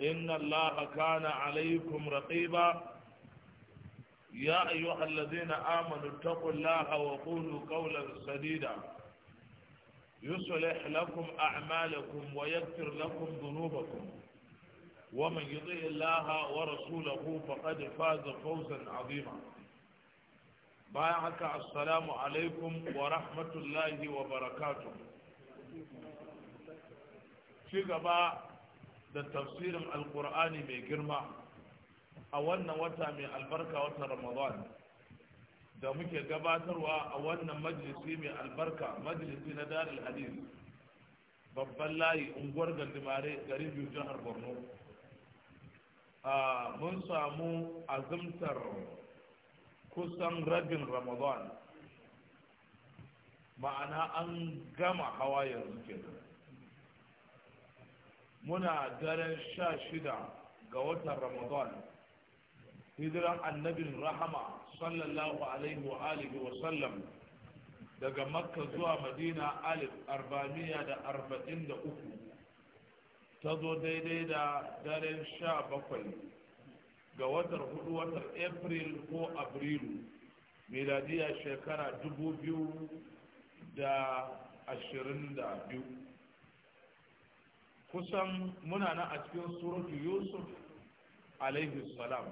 إن الله كان عليكم رقيبا يا أيها الذين آمنوا اتقوا الله وقولوا قولا سديدا يصلح لكم أعمالكم ويغفر لكم ذنوبكم ومن يطيع الله ورسوله فقد فاز فوزا عظيما بايعك السلام عليكم ورحمة الله وبركاته في gaba da tafsirin alkur'ani mai girma a wannan wata mai albarka wata ramadan da muke gabatarwa a wannan majalisi mai albarka majalisi na darul hadis babban layi unguwar gandimare gari biyu jihar borno mun samu azumtar kusan rabin ramadan ma'ana an gama hawa yanzu kenan muna daren sha shida ga watan ramadan hijiran annabin rahama sallallahu alaihi wa alihi wa sallam daga makka zuwa madina alif arba'amiya da arba'in da uku ta zo daidai da daren sha bakwai ga watan hudu watan april ko abrilu miladiya shekara dubu biyu da ashirin da biyu kusan muna nan a cikin suratu yusuf alaihi salam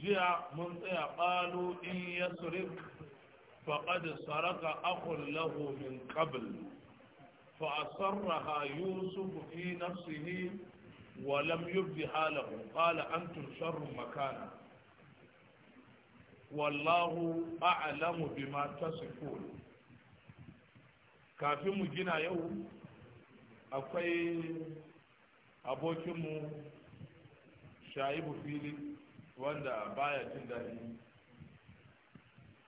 jiya mun tsaya ƙalu in ya surik faƙad saraka akun lahu min qabl fi nafsihi wa lam ولم يبدها له قال أنتم makana wallahu a'lamu bima tasifun kafin mu gina yau akwai abokinmu sha'ibu fili wanda baya jin daɗi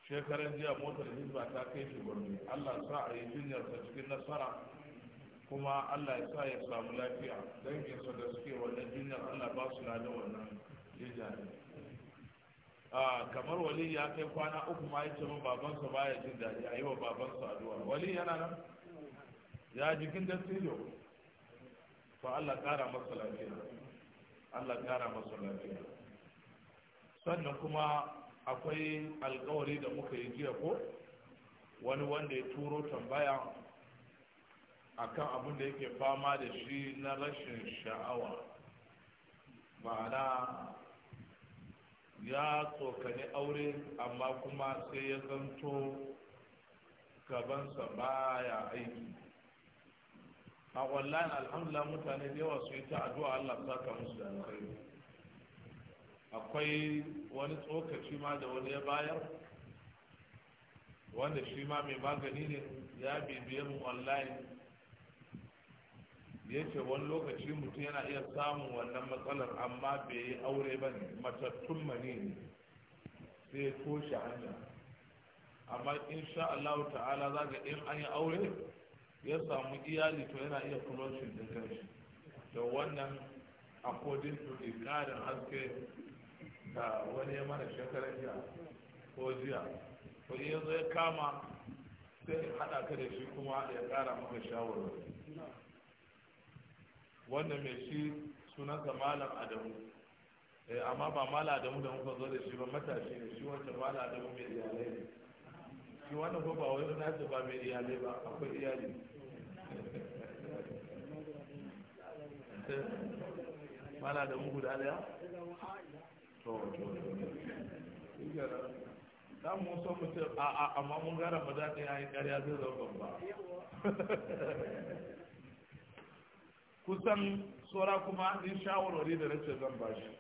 shekaran jiya motar hizba ta kai shi gurbi allah sa a yi jinyarsa cikin nasara kuma allah sa ya samu lafiya danginsa da suke wannan jinyar allah ba su lada wannan jinya kamar wali ya kai kwana uku ma ya ce min babansa baya jin daɗi a yi wa babansa addu'a wali yana nan ya jikin dattijo to Allah ƙara masa lafiya Allah ƙara masa lafiya sannan kuma akwai alkawari da muka yi jiya ko wani wanda ya turo tambaya akan abin da yake fama da shi na rashin sha'awa ma'ana ya tsokani aure amma kuma sai ya zanto gabansa baya aiki a wallahi alhamdulillah mutane da yawa su yi ta addu'a Allah saka musu da alkhairi akwai wani tsokaci ma da wani ya bayar wanda shi ma mai magani ne ya bibiye mu online ya ce wani lokaci mutum yana iya samun wannan matsalar amma bai yi aure ba ne matattun mani ne sai ya toshe hanya amma insha Allah ta'ala za ga in an yi aure ya samu iyali to yana iya shi da kanshi da wannan according to the karin haske da wani ya mana shekarar jiya ko jiya ko iya zo ya kama sai ya haɗa ka da shi kuma ya ƙara maka shawarwari wannan mai shi sunan malam adamu eh, amma ba malam adamu da muka zo da shi ba matashi ne shi wancan malam adamu mai iyalai ne shi wannan ko ba wani nasu ba mai iyalai ba akwai iyali mana da mugu da daya to to za mu so mu ce a a amma mun gara ba za ta yi ayin ƙarya zai zama babba kusan tsora kuma in shawarwari da rashin zan ba shi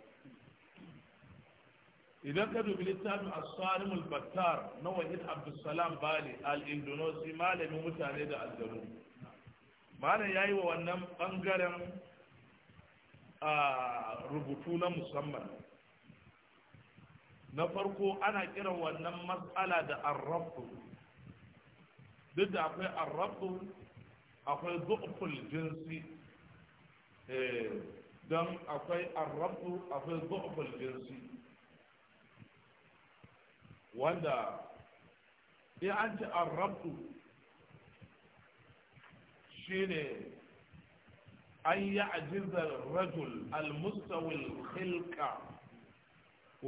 idan ka dubi littafin asalim al baktar na wahid Abdulsalam bali al malamin mutane da aljanu malam ya yi wa wannan bangaren rubutu na musamman na farko ana kiran wannan matsala da arrabu duk da akwai arrabu akwai zuɓul jinsi eh, don akwai arrabu akwai zuɓul jinsi wanda in an ci arrabtu shine an yi ajizar rajul almustawil khilka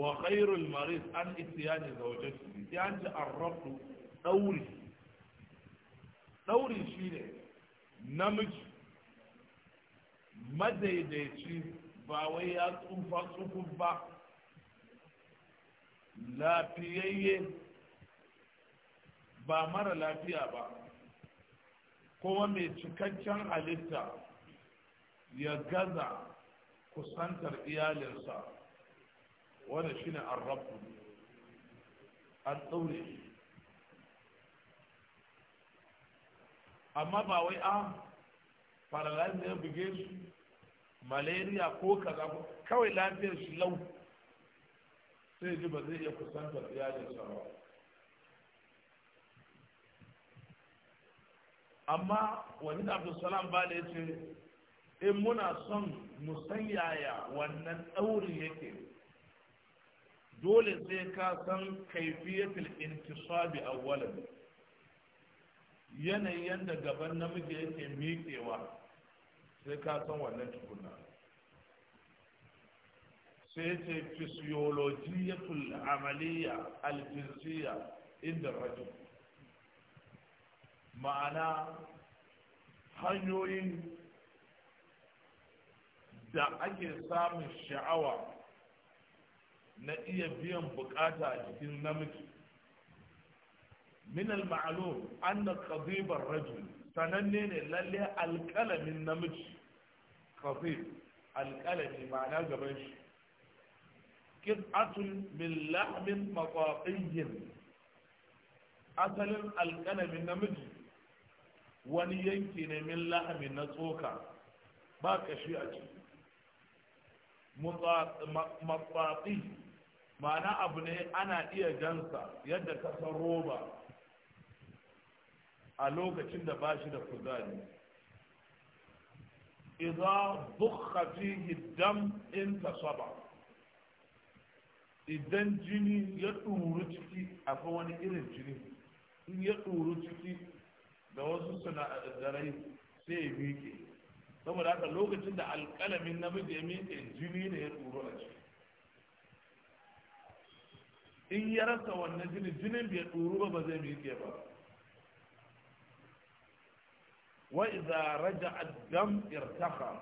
wa khairul maris an itiyani zaujatu sai an ci arrabtu ɗauri ɗauri shine namiji madaidaici ba wai ya tsufa tsufin ba lafiyayye ba mara lafiya ba kuma mai cikakken halitta ya gaza kusantar iyalinsa wanda shi ne an rabu an ɗaure amma ba wai a ah, paralyze ya buge su malaria ko kaza kawai lafiyar shi lau sai ji ba zai iya kusantar iyalinsa ba amma wani da abdulsalam ba da ya ce in muna son yaya wannan ɗaurin yake dole sai ka san kaifiyatul intisabi awwalan yanayin yadda gaban namiji yake miƙewa sai ka san wannan tukunan. sai ce fisiologiyatul amaliya aljinsiya inda rajul ma'ana hanyoyin da ake samun sha'awa na iya biyan bukata jikin namiji min al-ma'lum anna qadibar rajul sananne ne lalle alkalamin namiji qadib alkalami ma'ana gaban shi qit'atun min lahmin maqaqiyyin asalin alqalamin namiji wani yanki ne min lahmin na tsoka ba kashi a ciki matsatsi ma'ana abu ne ana iya gansa yadda kasar roba a lokacin da ba shi da kuzari iza bukha fihi dam in tasaba idan jini ya ɗuru ciki akwai wani irin jini in ya ɗuru ciki da wasu suna a sinadarai sai ya miƙe saboda haka lokacin da alƙalamin namiji ya miƙe jini ne ya ɗuru a ciki in ya rasa wannan jini jinin bai ɗuru ba ba zai miƙe ba wa idza raja'a dam irtaqa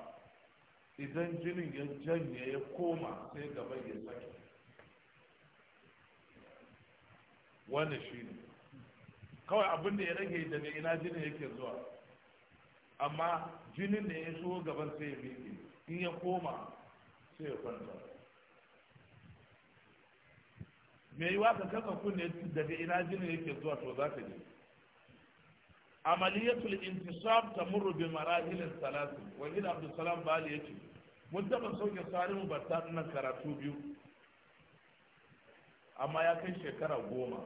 idan jinin ya janye ya koma sai gaban ya sake wannan ne. kawai abin da ya rage daga ina jinin yake zuwa amma jinin da ya shigo gaban sai ya miƙe in ya koma sai ya kwanta me yi waka kaka kunne daga ina jinin yake zuwa to za ka je amaliyatul intisab tamurru bi marahilin salasin wahid abdulsalam bali yace mun taba sauke tsarin batta nan karatu biyu amma ya kai shekara goma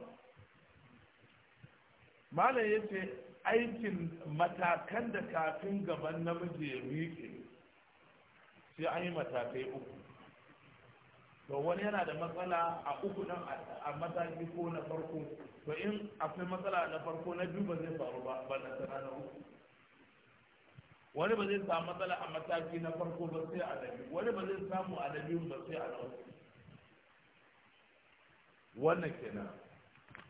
malam ya ce aikin matakan da kafin gaban namiji ya miƙe sai an yi matakai uku to wani yana da matsala a uku nan a mataki ko na farko to in akwai matsala na farko na biyu ba zai faru ba ba na sana na uku wani ba zai samu matsala a mataki na farko ba sai a na wani ba zai samu a na biyu ba sai a na uku wannan kenan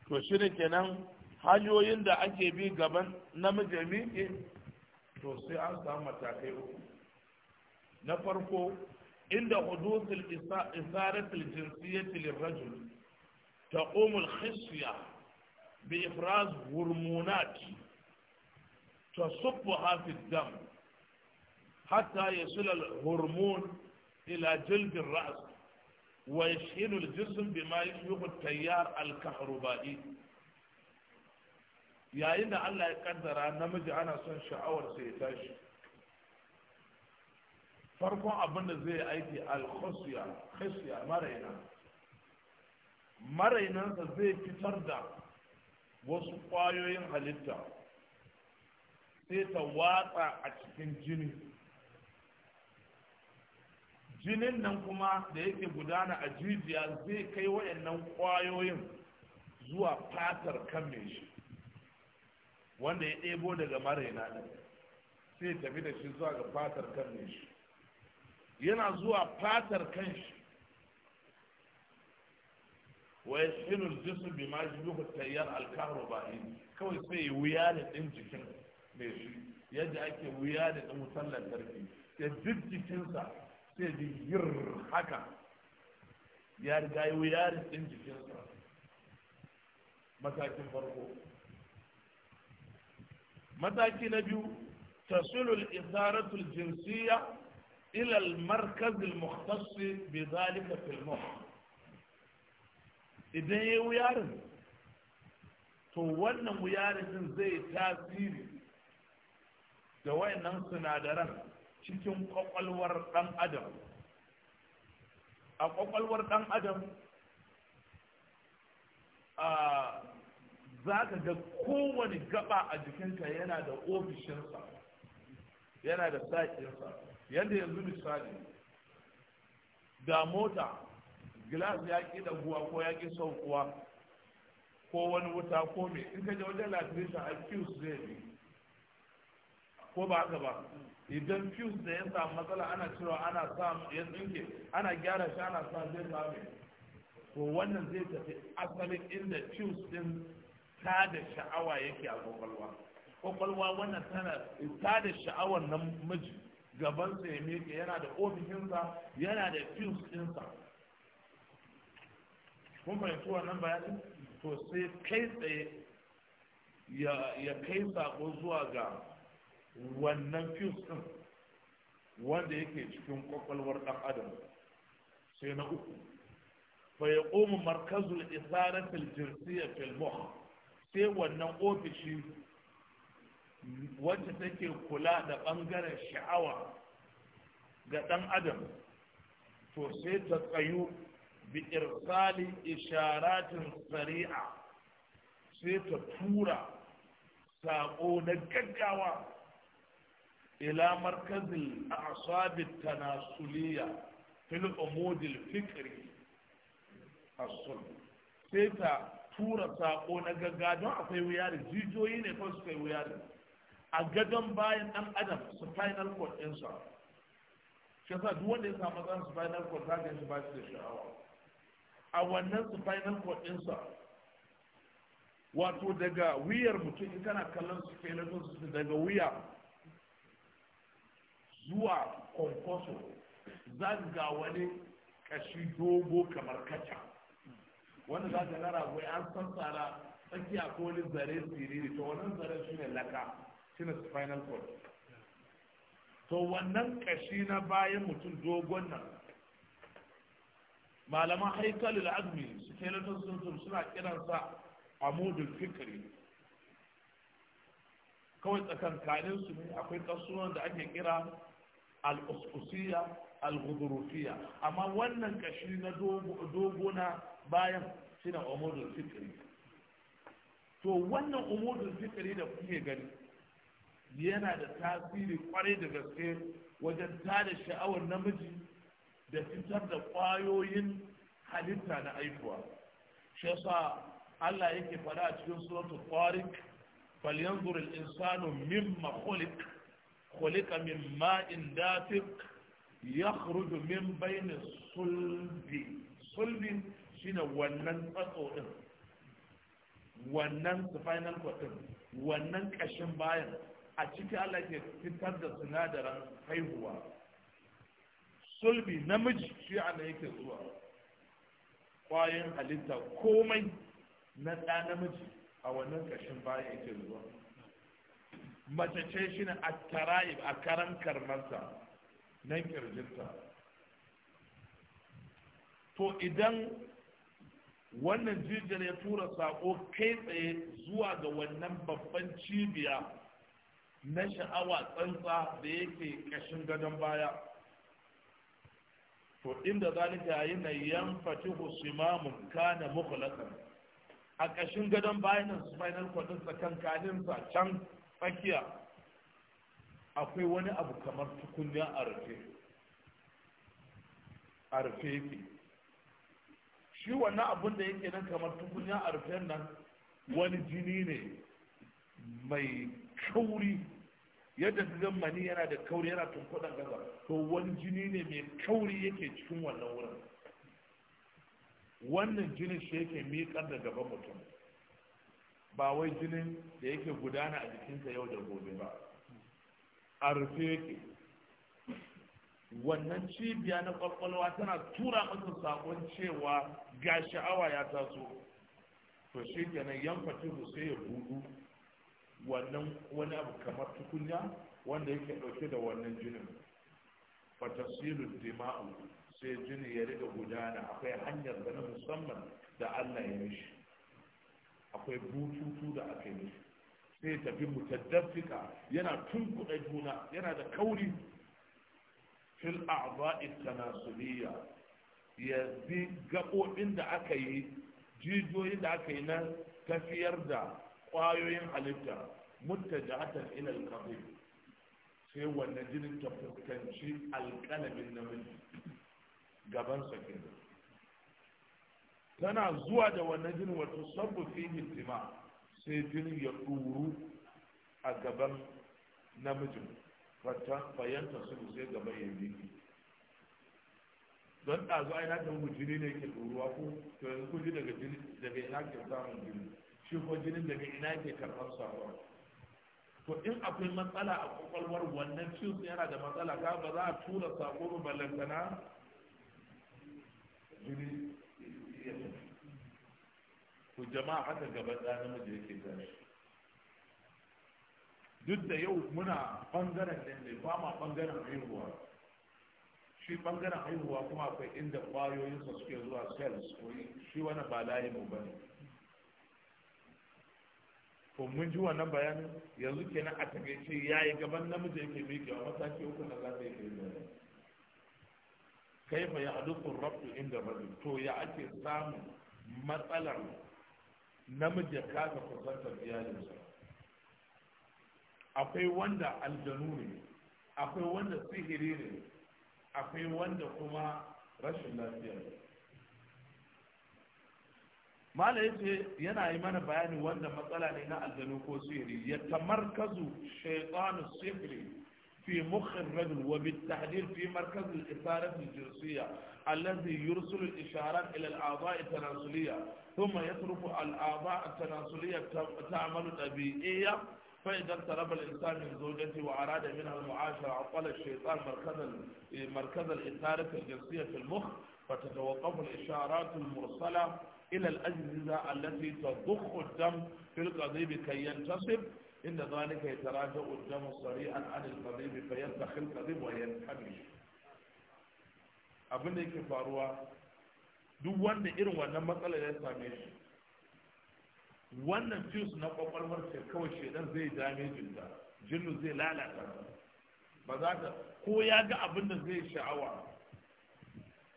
to shine kenan hanyoyin da ake bi gaban namiji miƙe to sai an samu matakai uku na farko inda hudusul isaratul jinsiyyati lirrajul تقوم الخصية بإفراز هرمونات تصبها في الدم حتى يصل الهرمون إلى جلد الرأس Wai yashilu al-jism bima yuhibbu at-tayyar al-kahrubani yayin da Allah ya kaddara namiji ana son sha'awar sa ya tashi farkon abin da zai aiki al-khusya maraina marainansa zai fitar da wasu kwayoyin halitta sai ta watsa a cikin jini jinin nan kuma da yake gudana a jijiya zai kai waɗannan kwayoyin zuwa fatar kan mai shi wanda ya ɗebo daga maraina ɗin sai tafi da shi zuwa ga fatar kan mai shi yana zuwa fatar kan shi wa ya shinu jisu bi ma shi yuhu tayyar alkaro ba kawai sai ya wuya da ɗin jikin mai shi yadda ake wuya da ɗin wutar lantarki ya duk jikinsa sai da yir haka ya riga yi wuyarin ɗin jikinsa matakin farko mataki na biyu tasulul isaratul jinsiya ila al-markaz al bi zalika fil idan yayi wuyarin to wannan wuyarin zai tasiri da wayannan sinadaran cikin kwakwalwar ɗan adam a kwakwalwar ɗan adam a za ka ga kowane gaba a jikinka yana da ofishinsa yana da saƙinsa yadda yanzu misali da mota gilas ya ƙi ɗaguwa ko ya ƙi saukuwa ko wani wuta ko me in ka je wajen lafiya a zai bi ko ba haka ba idan fuse da ya samu matsala ana cewa ana sa ya tsinke ana gyara shi ana sa zai samu to wannan zai tafi asalin inda fuse din ta da sha'awa yake a kwakwalwa kwakwalwa wannan tana ta da sha'awar nan miji sa ya miƙe yana da ofishinsa yana da fuse ɗinsa kun fahimci wannan bayanin to sai kai tsaye ya kai sako zuwa ga wannan fuse ɗin wanda yake cikin kwakwalwar ɗan adam sai na uku fa ya ƙoma markazul isaratul jinsiyya fil sai wannan ofishi wacce take kula da ɓangaren sha'awa ga ɗan adam to sai ta tsayu bi irsali isharatin sari'a sai ta tura saƙo na gaggawa ila markazin asabit tanasuliya fil umudil fikri asul sai ta tura sako na gagga don akwai wuyari jijiyoyi ne kawai suka yi wuyari a gadon bayan dan adam spinal cord ɗinsa shi duk wanda ya samu matsalar spinal cord za ka shi shi da sha'awa a wannan spinal cord ɗinsa wato daga wuyar mutum in kana kallon su daga wuya zuwa kwankwaso zan ga wani kashi dogo kamar kaca wanda za ka nara wai an san tsara tsakiya ko wani zare siriri to wannan zare shi ne laka shi ne spinal cord to wannan kashi na bayan mutum dogon nan malaman haikalul azmi su kelatar sun suna kiransa a modul fikiri kawai tsakankanin su ne akwai kasuwan da ake kira al-uskusiya amma wannan kashi na dogo na bayan shine umudul fikri to wannan umudul fikri da kuke gani yana da tasiri kwarai da gaske wajen tada sha'awar namiji da fitar da kwayoyin halitta na aifuwa shi yasa Allah yake fada a cikin suratul Tariq falyanzur al-insanu mimma khuliq khuliqa min ma'in dafiq yakhruju min bayni sulbi sulbin shine wannan tsatso wannan spinal wannan kashin bayan a ciki Allah ke fitar da sinadaran haihuwa sulbi namiji shi ana yake zuwa kwayan halitta komai na ɗa namiji a wannan kashin baya yake zuwa mace ce shi ne a tara'ib a karan karnarsa nan kirjinta to idan wannan jijiyar ya tura sako kai tsaye zuwa ga wannan babban cibiya na sha'awa tsantsa da yake kashin gadon baya to inda zalika yi na yanfati husimamun kana mukhlasan a kashin gadon bayan spinal cord din can tsakiya akwai wani abu kamar tukunya a rufe a rufe yake shi wannan abun da yake nan kamar tukunya a rufe nan wani jini ne mai kauri yadda zan mani yana da kauri yana tunkuɗan gaba to wani jini ne mai kauri yake cikin wannan wurin wannan jinin shi yake miƙar da gaban mutum ba wai jinin da yake gudana a jikinsa yau da gobe ba a rufe yake wannan cibiya na kwakwalwa tana tura masa sabon cewa ga sha'awa ya taso to shi kenan yan sai ya budu wannan wani abu kamar tukunya wanda yake dauke da wannan jinin fatasilu dima'u sai jini ya riga gudana akwai hanyar da na musamman da Allah ya mishi akwai bututu da aka yi sai tafi mutaddafika yana tunkuɗa juna yana da kauri fil a'ba'i tanasuliyya ya bi gaɓoɓin da aka yi jijiyoyin da aka yi na tafiyar da ƙwayoyin halitta mutajatan ila al sai wannan jinin ta fuskanci alƙalamin namiji gaban sa tana zuwa da wannan jinin wato sabbu fi intima sai jinin ya duru a gaban namijin fayanta su sai gaban ya miki don ɗazu ai na ta muku jini ne ke ɗoruwa ko to yanzu ku ji daga jini daga ina ke samun jini shi ko jinin daga ina ke karɓar sabuwa. to in akwai matsala a kwakwalwar wannan ciwon yana da matsala ka ba za a tura sako ba ballantana jini to jama'a haka gaban ɗa namiji yake gani duk da yau muna ɓangaren ɗin ne ba ma ɓangaren haihuwa shi ɓangaren haihuwa kuma akwai inda ƙwayoyinsa suke zuwa cells shi wani ba layin mu ba ne to mun ji wannan bayanin yanzu kenan a takaice yayi gaban namiji yake miƙewa mataki uku na za ta yi kai fa ya hadusun rabtu inda rajul to ya ake samun matsalar namiji ya kasa kusantar iyalinsa akwai wanda aljanu ne akwai wanda sihiri ne akwai wanda kuma rashin lafiya ne mala yace yana yi mana bayani wanda matsala ne na aljanu ko sihiri ya tamarkazu shaytanu sihiri في مخ الرجل وبالتحديد في مركز الإثارة الجنسية الذي يرسل ilal إلى الأعضاء التناسلية ثم يترك الاعضاء التناسلية تعمل طبيعيا فإذا اقترب الإنسان من زوجته وأراد منها المعاشرة عطل الشيطان مركز مركز الإثارة الجنسية في المخ فتتوقف الإشارات المرسلة إلى الأجهزة التي تضخ الدم في القضيب كي ينتصب إن ذلك يتراجع الدم سريعا عن القضيب فينتخي القضيب وينحني. أبن يكفى duk wanda irin wannan matsalar ya same shi wannan fuse na kwakwalwar ce kawai shedan zai dame jinta jinnu zai lalata ba za ta ko ya ga abin da zai sha'awa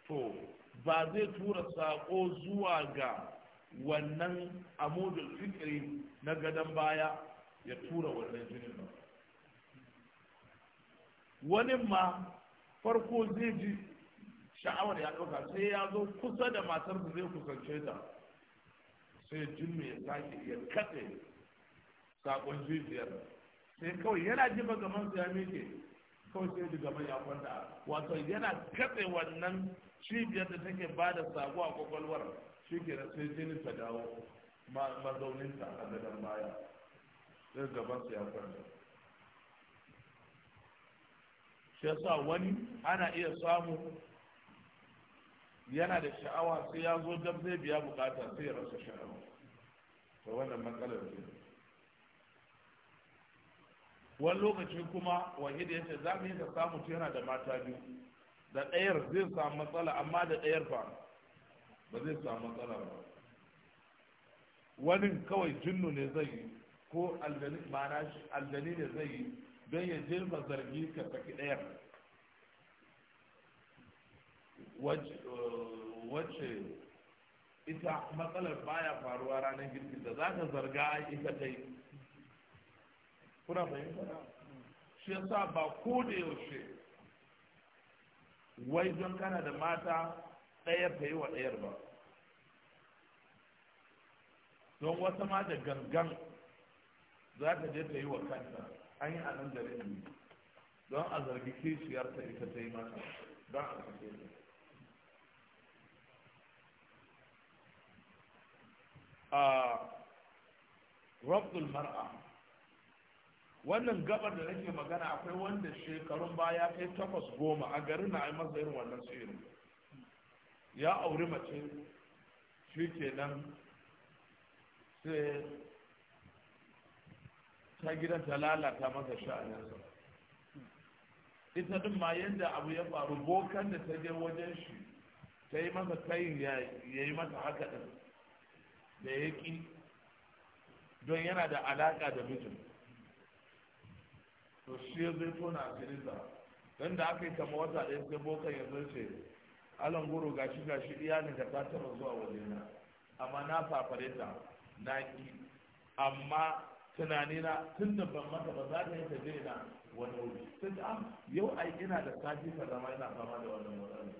to ba zai tura saƙo zuwa ga wannan amudul fikri na gadon baya ya tura wannan jinin ba wani ma farko zai ji sha'awar ya ɗauka sai ya zo kusa da matar da zai kusance ta sai jinnu ya sake ya katse sakon jijiyar sai kawai yana ji gaman ya miƙe kawai sai ji gaman ya kwanta wato yana katse wannan cibiyar da take ba da sako a kwakwalwar shi ke da sai jini ta dawo mazauninta a gadar baya sai gaban ya kwanta shi yasa wani ana iya samu yana da sha'awa sai ya zo dan zai biya bukata sai ya rasa sha'awa to wannan matsalar ce wani lokaci kuma wahida yace za mu yi ka samu yana da mata biyu da ɗayar zai samu matsala amma da ɗayar fa ba zai samu matsala ba wani kawai jinnu ne zai yi ko aljani ma'ana aljani ne zai yi don ya jirma zargi ka saki ɗayar wacce ita matsalar baya faruwa ranar girki da za ta zarga ita ta yi kuna fahimta shi yasa ba ko da yaushe wai don kana da mata ɗayar ta yi wa ɗayar ba don wata ma da gangan za ta je ta yi wa kanta an yi anan da don a zargi kishiyar ta ita ta yi mata don a zargi ta rabdul mar'a wannan gabar da nake magana akwai wanda shekarun baya kai takwas goma a garin na masa irin wannan tsirin ya auri mace shi nan sai ta gidan ta lalata masa sha'aninsa ita din ma yadda abu ya faru bokan da ta je wajen shi ta yi masa kayin ya yi mata haka din da ya ƙi don yana da alaƙa da mijin to shi ya zai tona a da don da aka yi kama wata ɗaya sai bokan ya zai ce alan guru gashi gashi da ta taɓa zuwa na amma na fafare ta na ƙi amma tunanina tun da ban mata ba za ta yi ta na wani wuri sai da ah, yau ai ina da sati ka zama ina fama da wannan matsalar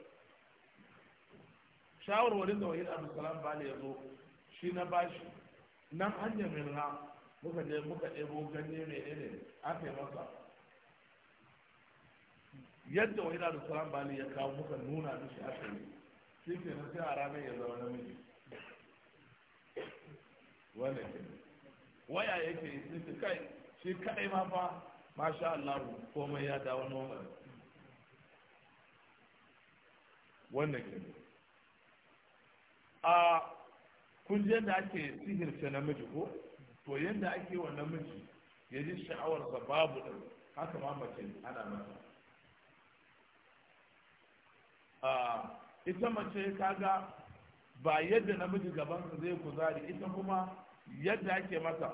shawarwarin da wahid salam bale ya zo shi na bashi nan hanyar mirna muka je muka ɗebo ganye mai ne aka yi masa yadda wani da salam bali ya kawo muka nuna shi aka yi shi ke na sai a ranar ya zama namiji ke waya yake yi sai kai shi kai ma fa masha Allah komai ya dawo normal wannan ke a kun ji yadda ake sihirce namiji ko to yadda ake wa namiji ya ji sha'awarsa babu ɗin haka ma mace ana mata ita mace kaga ba yadda namiji gaban su zai kuzari ita kuma yadda ake mata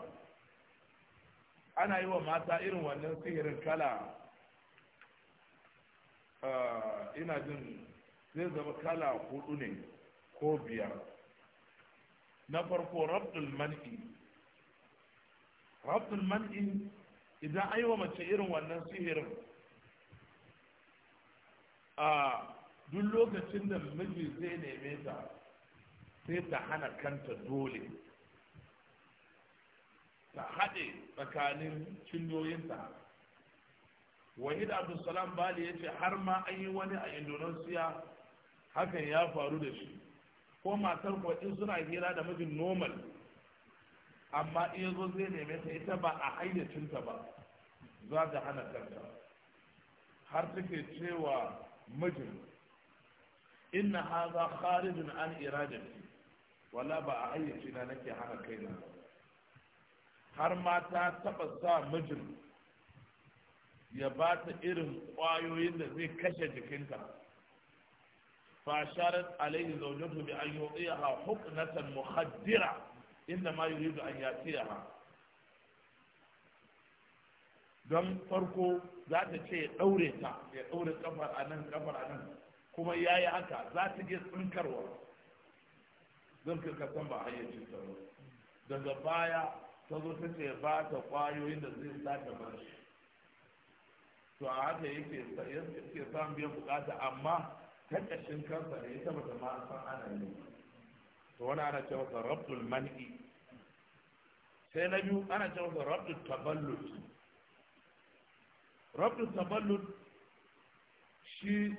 ana yi wa mata irin wannan sihirin kala ina jin zai zama kala hudu ne ko biyar na farko rabdul man'i rabdul man'i idan an yi wa mace irin wannan sihirin a duk lokacin da miji zai neme ta sai ta hana kanta dole ta haɗe tsakanin cinyoyinta wahid abdulsalam bali ya ce har ma an yi wani a Indonesia, hakan ya faru da shi ko matar ko in suna hira da mijin normal amma in yazo zai neme ta ita ba a hayyacinta ba za ta hana kanta har take cewa mijin inna hadha kharijun an iradati wala ba a hayyacina na nake hana kaina har ma ta taba sa mijin ya ba ta irin ƙwayoyin da zai kashe jikinta فأشارت عليه زوجته بأن يعطيها حقنة مخدرة إنما يريد أن يأتيها don farko za ta ce ɗaure ta ya ɗaure kafar a nan kafar a nan kuma ya yi haka za ta je tsinkarwa don ka san ba hayyacin ta ba daga baya ta zo ta ce ba ta ƙwayoyin da zai sa ta bar shi to a haka yake samun biyan bukata amma kakashin kansa da ita ba ta ma san ana yi to wani ana cewa masa rabdul man'i sai na biyu ana ce masa rabdul taballud rabdul taballud shi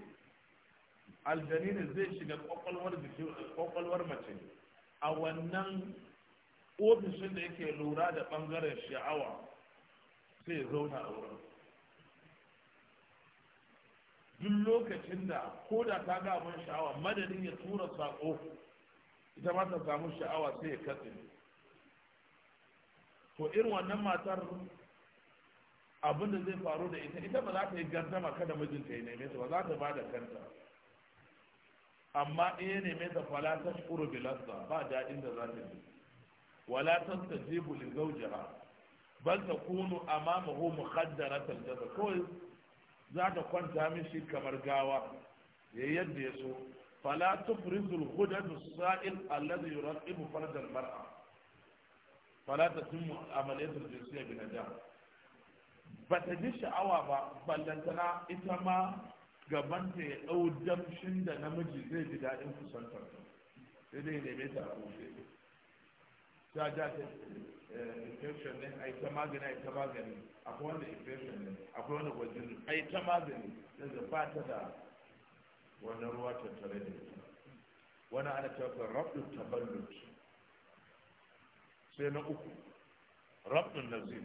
aljani zai shiga kwakwalwar jikin kwakwalwar mace a wannan ofishin da yake lura da bangaren sha'awa sai ya zauna a wurin duk lokacin da ko da ta ga abin sha'awa madadin ya tura sako ita ma ta samu sha'awa sai ya katse to irin wannan matar abin da zai faru da ita ita ba za ta yi gardama kada mijinta ya neme ta ba za ta ba da kanta amma in ya neme ta fala ta shukuru bilasta ba daɗin da za ta yi wala ta jibu li zawjiha bal takunu amamahu muqaddaratan jaza kawai za ta kwanta mishi kamar gawa ya yadda ya so fala tufrizul hudan sa'il alladhi yuraqibu farjal mar'a fala tatimmu amaliyatul jinsiyya bi najah ba ta ji sha'awa ba ballantana ita ma gaban ta ya ɗau damshin da namiji zai ji daɗin kusantar sai dai mai ta a ta da ta infection ne a ta magani a ta magani akwai wanda infection ne akwai wanda gwajin a ta magani da ba ta da wannan ruwa tattare da ita wani ana tafi rabin taballut sai na uku Rabdu nazir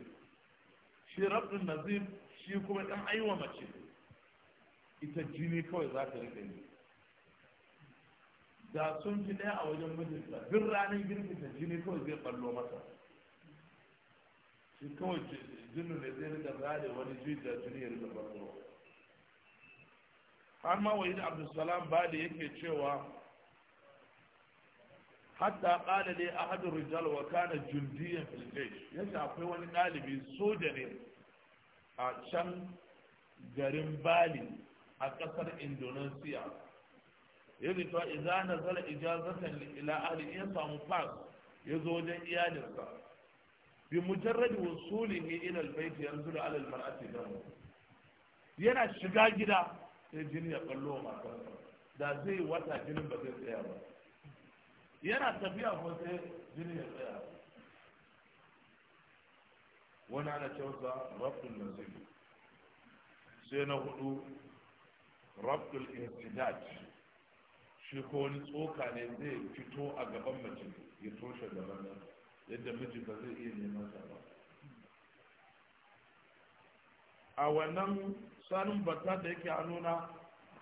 shi Rabdu nazir shi kuma dan aiwa mace ita jini kawai za ta rike yi ga sun fi ɗaya a wajen mijinta bin ranar girkinta jini kawai zai ɓallo masa shi kawai jini ne zai rika zare wani jini da jini ya rika ɓallo har ma wa'id abdulsalam ba da yake cewa hatta ƙada dai ahadun rijal wa kana jundiyan filjesh ya ce akwai wani ɗalibi soja ne a can garin bali a ƙasar indonesia yake to idza nazala ijazatan ila ahli ya samu pass yazo wajen iyalinsa bi mujarrad wusulihi ila albayt yanzulu ala almar'ati damu yana shiga gida sai jini ya kallo matarsa da zai wata jinin ba zai tsaya ba yana tafiya ko sai jini ya tsaya wani ana cewa rabtul nazili sai na hudu rabtul insidaj shi ko wani tsoka ne zai fito a gaban mace ya toshe gaban nan yadda miji ba zai iya neman sa ba a wannan sanin bata da yake nuna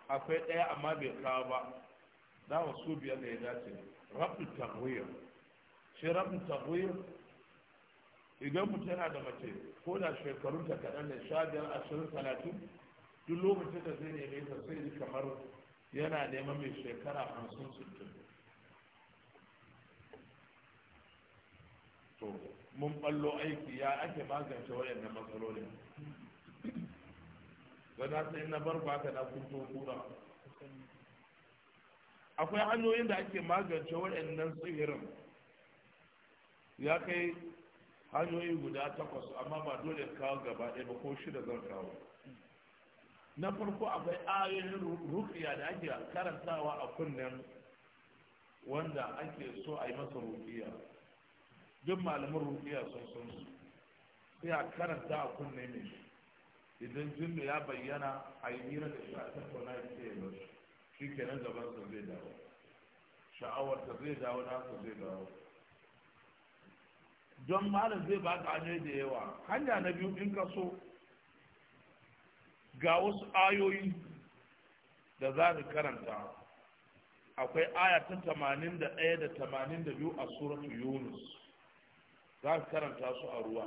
akwai ɗaya amma bai kawo ba da wasu biyar da ya dace rabin tarwiyar shi rabin tarwiyar idan mutum yana da mace ko da shekarunta kaɗan da sha biyar ashirin talatin duk lokacin da zai neme ta sai kamar yana nema mai shekara hamsin sittin to mun ballo aiki ya ake magance wayannan matsalolin na sai na bar baka na kunto kura akwai hanyoyin da ake magance wayannan tsihirin ya kai hanyoyi guda takwas amma ba dole kawo gaba ɗaya ba ko shida zan kawo na farko akwai ayoyin rufiya da ake karantawa a kunnen wanda ake so a yi masa rufiya, duk malamin rufiya sun sun su sai a karanta a kunne mai idan jinnu ya bayyana a yi hira da shafin a tattauna yi ce ya shi kenan su zai dawo ta zai dawo su zai dawo don malam zai baka ka da yawa hanya na biyu in ka so ga wasu ayoyi da za ka karanta akwai aya ta tamanin da ɗaya da da tamanin biyu a suratu yunus za ka karanta su a ruwa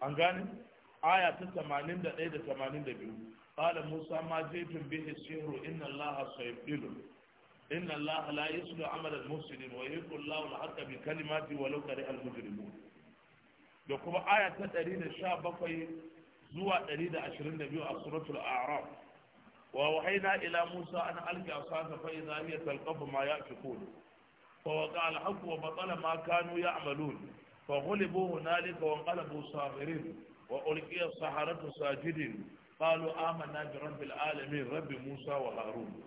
an gani aya ta tamanin da ɗaya da da tamanin biyu, ƙala musa ma jefin bi da shehu inna Allah su yi inna Allah la yasu da amalar musulun wa yi kulla wa haka bi kalimati wa lokari al-mujrimu da kuma aya ta ɗari da sha bakwai. زوى دليل عشرين نبيه السورة الأعراف ووحينا إلى موسى أن ألقى عصاك فإذا هي تلقف ما يأفكون فوقع الحق وبطل ما كانوا يعملون فغلبوا هنالك وانقلبوا صاغرين وألقي الصحرة ساجدين قالوا آمنا برب العالمين رب موسى وهارون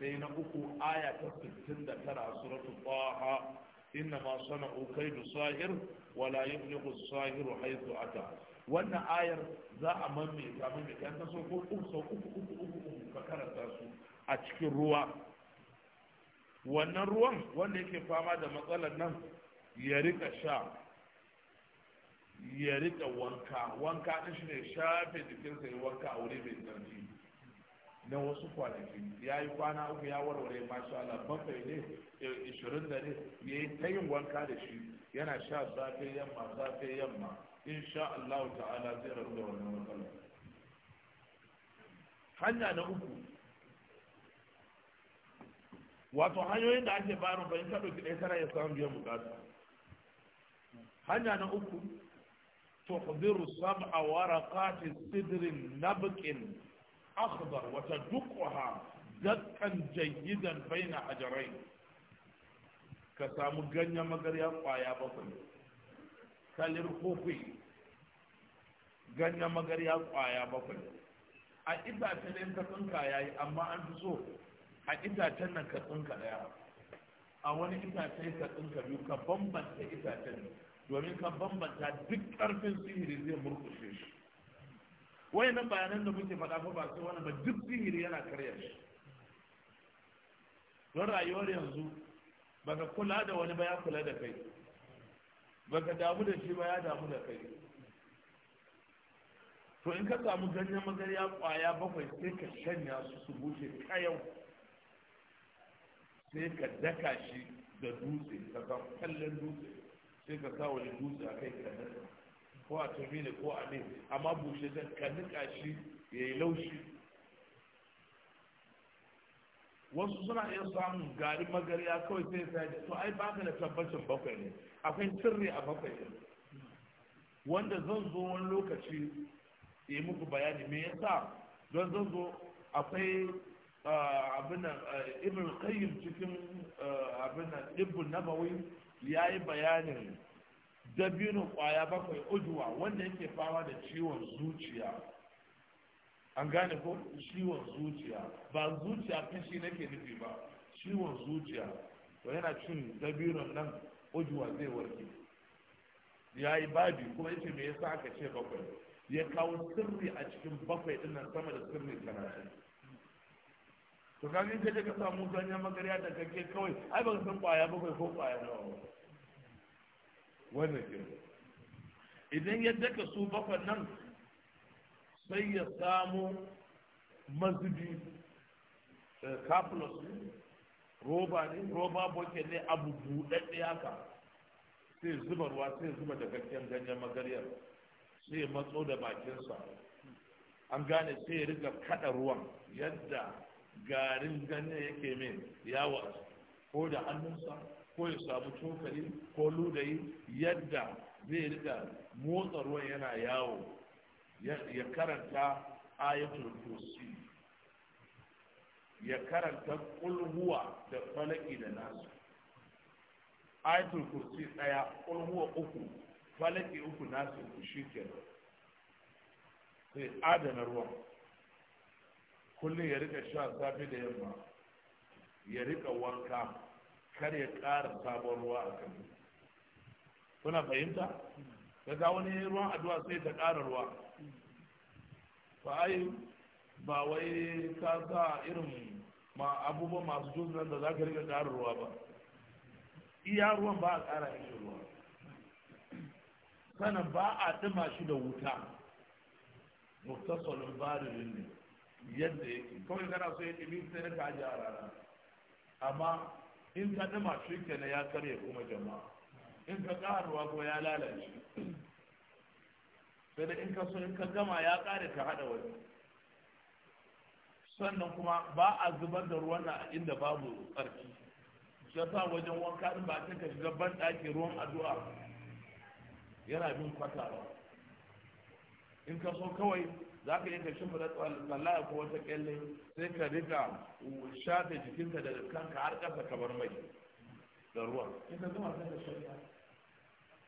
بين أكو آية تفتن ترى سورة الطاحة إنما صنعوا كيد الصاهر ولا يبلغ الصاهر حيث أتى wannan ayar za a mamme ta mamme ta ta so ko uku uku uku uku uku ka karanta su a cikin ruwa wannan ruwan wanda yake fama da matsalar nan ya rika sha ya rika wanka wanka ɗin shi ne shafe jikinsa ya wanka a wuri mai tsarki na wasu kwanaki ya yi kwana uku ya warware masha Allah bakwai ne eh, ishirin da ne ya yi ta yin wanka da shi yana sha safe yamma safe yamma insha Allah ta'ala zai rabu wannan matsalar. Hanya na uku, wato hanyoyin da ake bayar bayan bayan kaɗauki ɗaya tara ya samu biyan bukata. Hanya na uku, tuhziru sab'a waraqati sidrin nabqin akhdar wa tadqaha dakkan jayyidan baina hajarain ka samu ganyen magarya kwaya bakwai kalir kofi ganyen magarya kwaya bakwai a itacen da ka tsinka ya yi amma an fi so a itacen nan ka tsinka ɗaya a wani itace ka tsinka biyu ka bambanta itacen domin ka bambanta duk ƙarfin sihiri zai murkushe shi nan bayanan da muke faɗa fa ba sai wani ba duk sihiri yana karya shi don rayuwar yanzu ba ka kula da wani ba ya kula da kai baka damu da shi ba ya damu da kai to in ka samu ganyen magarya kwaya bakwai sai ka shanya su su bushe kayau sai ka daka shi da dutse ka ga kallon dutse sai ka sa wani dutse a kai ka ko a ne ko a ne amma bushe zan ka nika shi ya yi laushi wasu suna iya samun gari magariya kawai sai sai to ai baka da tabbacin bakwai ne akwai sirri a bakwai ne wanda zan zo wani lokaci yi muku bayani me yasa don zan zo akwai abin nan ibn qayyim cikin abin nan ibn nabawi yayi bayanin dabino kwaya bakwai ujuwa wanda yake fama da ciwon zuciya an gane ko ciwon zuciya ba zuciya kan shi nake nufi ba ciwon zuciya to yana cin dabiran nan ujuwa zai warke ya yi babi kuma yace me yasa aka ce bakwai ya kawo sirri a cikin bakwai din nan sama da sirri talatin to ka in kaje ka samu ganyen magarya da kake kawai ai ba san kwaya bakwai ko kwaya nawa ba wannan kenan idan yadda ka su bakwai nan sai ya samu mazubi eh, kafulos roba ne roba boke ne abu buɗaɗɗe haka sai zuba ruwa sai zuba da gakken ganyen magariyar sai ya matso da bakinsa an gane sai ya riga kada ruwan yadda garin ganyen yake min yawa ko da hannunsa ko ya samu cokali ko ludayi yadda zai riga motsa ruwan yana yawo ya karanta ayatul kursi ya karanta kulhuwa da falaki da nasu ayatul kursi tsaya kulhuwa uku falaki uku nasu uku shi kenan sai adana ruwa. kullum ya rika sha safi da yamma ya rika wanka kar ya ƙara sabon ruwa a kan kuna fahimta ka ga wani ruwan addu'a sai ta ƙara ruwa to ai ba wai ka sa irin ma abubuwan masu jus nan da za ka riga ƙara ruwa ba iya ruwan ba a ƙara mishi ruwa sannan ba a dima shi da wuta muktasalin da ne yadda yake kawai kana so ya ɗimi sai na kaji a rana amma in ka dima shi kenan ya karye kuma jama'a in ka ƙara ruwa ko ya lalace sai da in ka so in ka gama ya kare ka hada wani sannan kuma ba a zubar da ruwan na inda babu tsarki shi yasa wajen wanka din ba ta ka shiga ban daki ruwan addu'a yana bin kwata ba in ka so kawai za ka yi ka shimfiɗa tsallaya ko wata kyalle sai ka rika shafe jikinka da kanka har ƙasa kamar mai da ruwan in ka gama sai ka shirya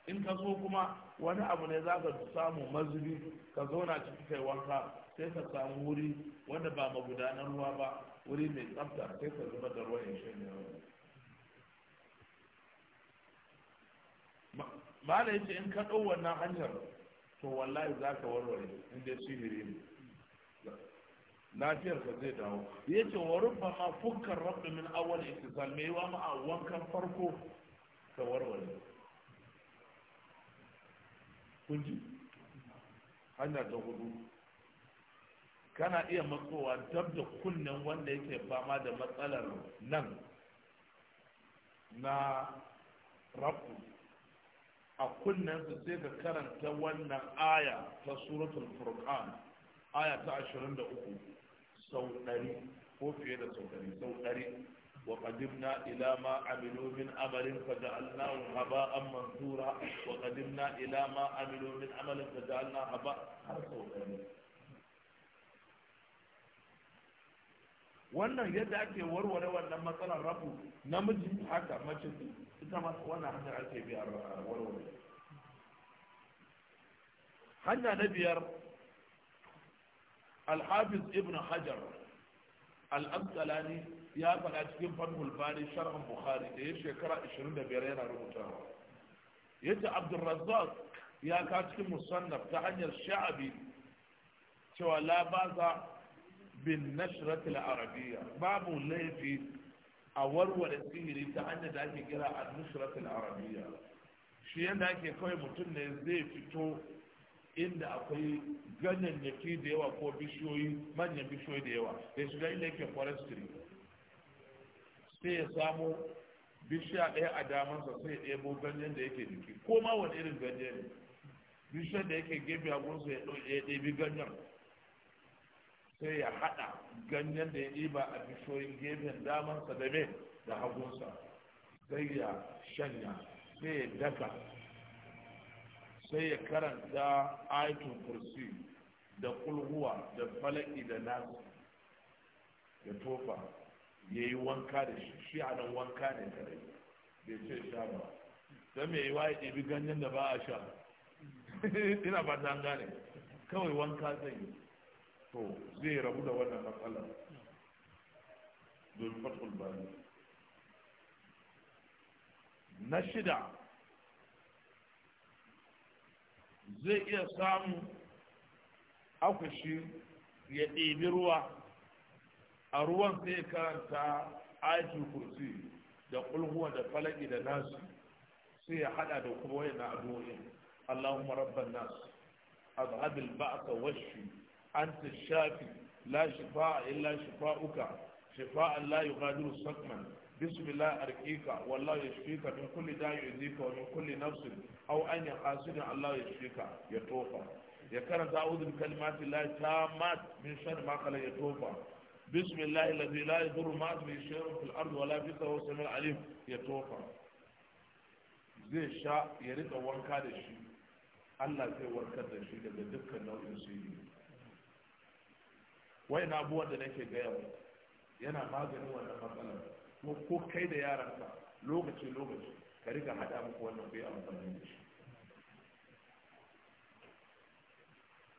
in ka zo kuma wani abu ne za ka samu mazubi ka zauna cikin kai wanka sai ka samu wuri wanda ba magudanar ruwa ba wuri mai tsafta sai ka zuba da ruwan shanye ba da yace in ka ɗau wannan hanyar to wallahi za ka warware in dai sihiri ne lafiyar ka zai dawo ya ce wa rubba ma fukkar rabbi min awwal ittisal mai wa ma kan farko ka warware kun ji hanya ta hudu kana iya matsowa dab da kunnen wanda yake fama da matsalar nan na rabu a kunnen su sai ka karanta wannan aya ta suratul furqan aya ta 23 sau 100 ko fiye da sau 100 sau 100 وقدمنا إلى ما عملوا من عمل فجعلناه هباء منثورا وقدمنا إلى ما عملوا من عمل فجعلناه هباء wannan yadda ake warware wannan matsalar rabu namiji haka mace ita ma wannan hanyar ake biyar warware hanya na biyar hafiz ibn hajar al abdalani ya faɗa cikin fathul bari sharhan bukhari da ya shekara 25 yana rubutawa yace abdurrazzaq ya ka cikin musannaf ta hanyar sha'abi cewa la baza bin al arabiyya babu laifi a warware sihiri ta hanyar da ake kira nashrat al arabiyya shi yadda ake kawai mutum ne zai fito inda akwai ganyayyaki da yawa ko bishiyoyi manyan bishiyoyi da yawa da shiga inda yake forestry sai ya samo bishiya ɗaya a damansa sai ya ɗebo ganyen da yake jiki ko ma wani irin ganye ne bishiyar da yake gefe a ya ɗebi ganyen sai ya haɗa ganyen da ya ɗiba a bishiyoyin gefen damansa da me da hagunsa sai ya shanya sai ya daka sai ya karanta aikin kursi da kulhuwa da falaki da nasu ya tofa ya yi wanka da shi shi a nan wanka ne kare bai ce sha ba don mai yiwa ya ɗebi ganyen da ba a sha ina ba ta gane kawai wanka zai yi to zai rabu da wannan matsalar don fatul ne. na shida zai iya samu akushi ya ɗebi ruwa a ruwan sai karanta aiki kursi da kulhuwa da falaki da nasu sai ya hada da kuma wani na'adoni allahumma rabban nasu azhabil ba'sa an anta shafi la shifa illa shifa'uka shifa'an la yughadiru saqman bismillah ya wallahu yashfika min kulli da'i yudhika wa min kulli nafsin aw an yahasina allahu Allah ya tofa ya karanta a'udhu bi kalimati la mat min sharri ma ya tofa بسم الله الذي لا يضر مع اسمه شيء في الارض ولا في zai sha ya rika wanka da shi Allah zai warkar da shi daga dukkan nau'in sihiri wai na abubuwan da nake gaya mu yana maganin wannan matsalar ko kai da yaranka lokaci lokaci ka riga hada muku wannan kai amfani da shi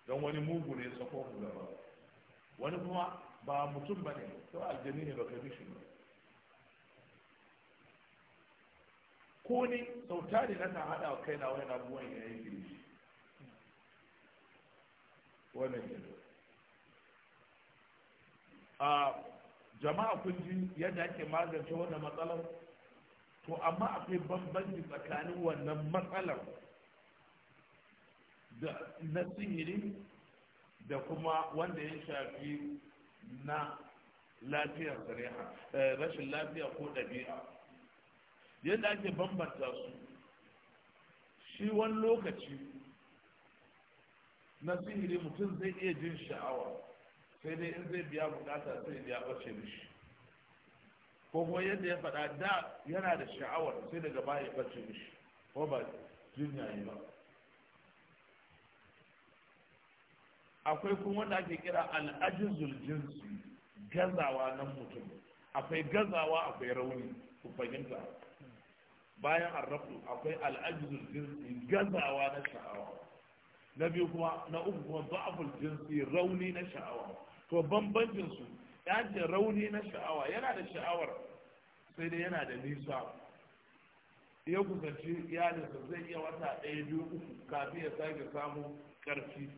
don wani mugu ne sako gaba wani kuma ba mutum ba ne to aljani ne ba ka bi shi ba ko ni sauta ne na kan haɗa kai na wani abubuwan ya yi shi wannan ne a jama'a kun ji yadda ake magance wannan matsalar to amma akwai bambanci tsakanin wannan matsalar da na sihiri da kuma wanda ya shafi na lafiyar sariha eh, rashin lafiya ko ɗabi'a yadda ake bambanta su shi wani lokaci na sihiri mutum zai iya jin sha'awa sai dai in zai biya bukata sai ya bace mishi ko kuma yadda ya faɗa da yana da sha'awar sai daga baya ya ɓace mishi ko ba jin yayi ba akwai kuma wanda ake kira al'ajizul jinsi gazawa nan mutum akwai gazawa akwai rauni ku fahimta bayan arrafu akwai al'ajizul jinsi gazawa na sha'awa na biyu kuma na uku kuma ba'aful jinsi rauni na sha'awa to bambancin su yace rauni na sha'awa yana da sha'awar sai dai yana da nisa ya kusanci iyalinsa zai iya wata ɗaya biyu uku kafin ya sake samu ƙarfi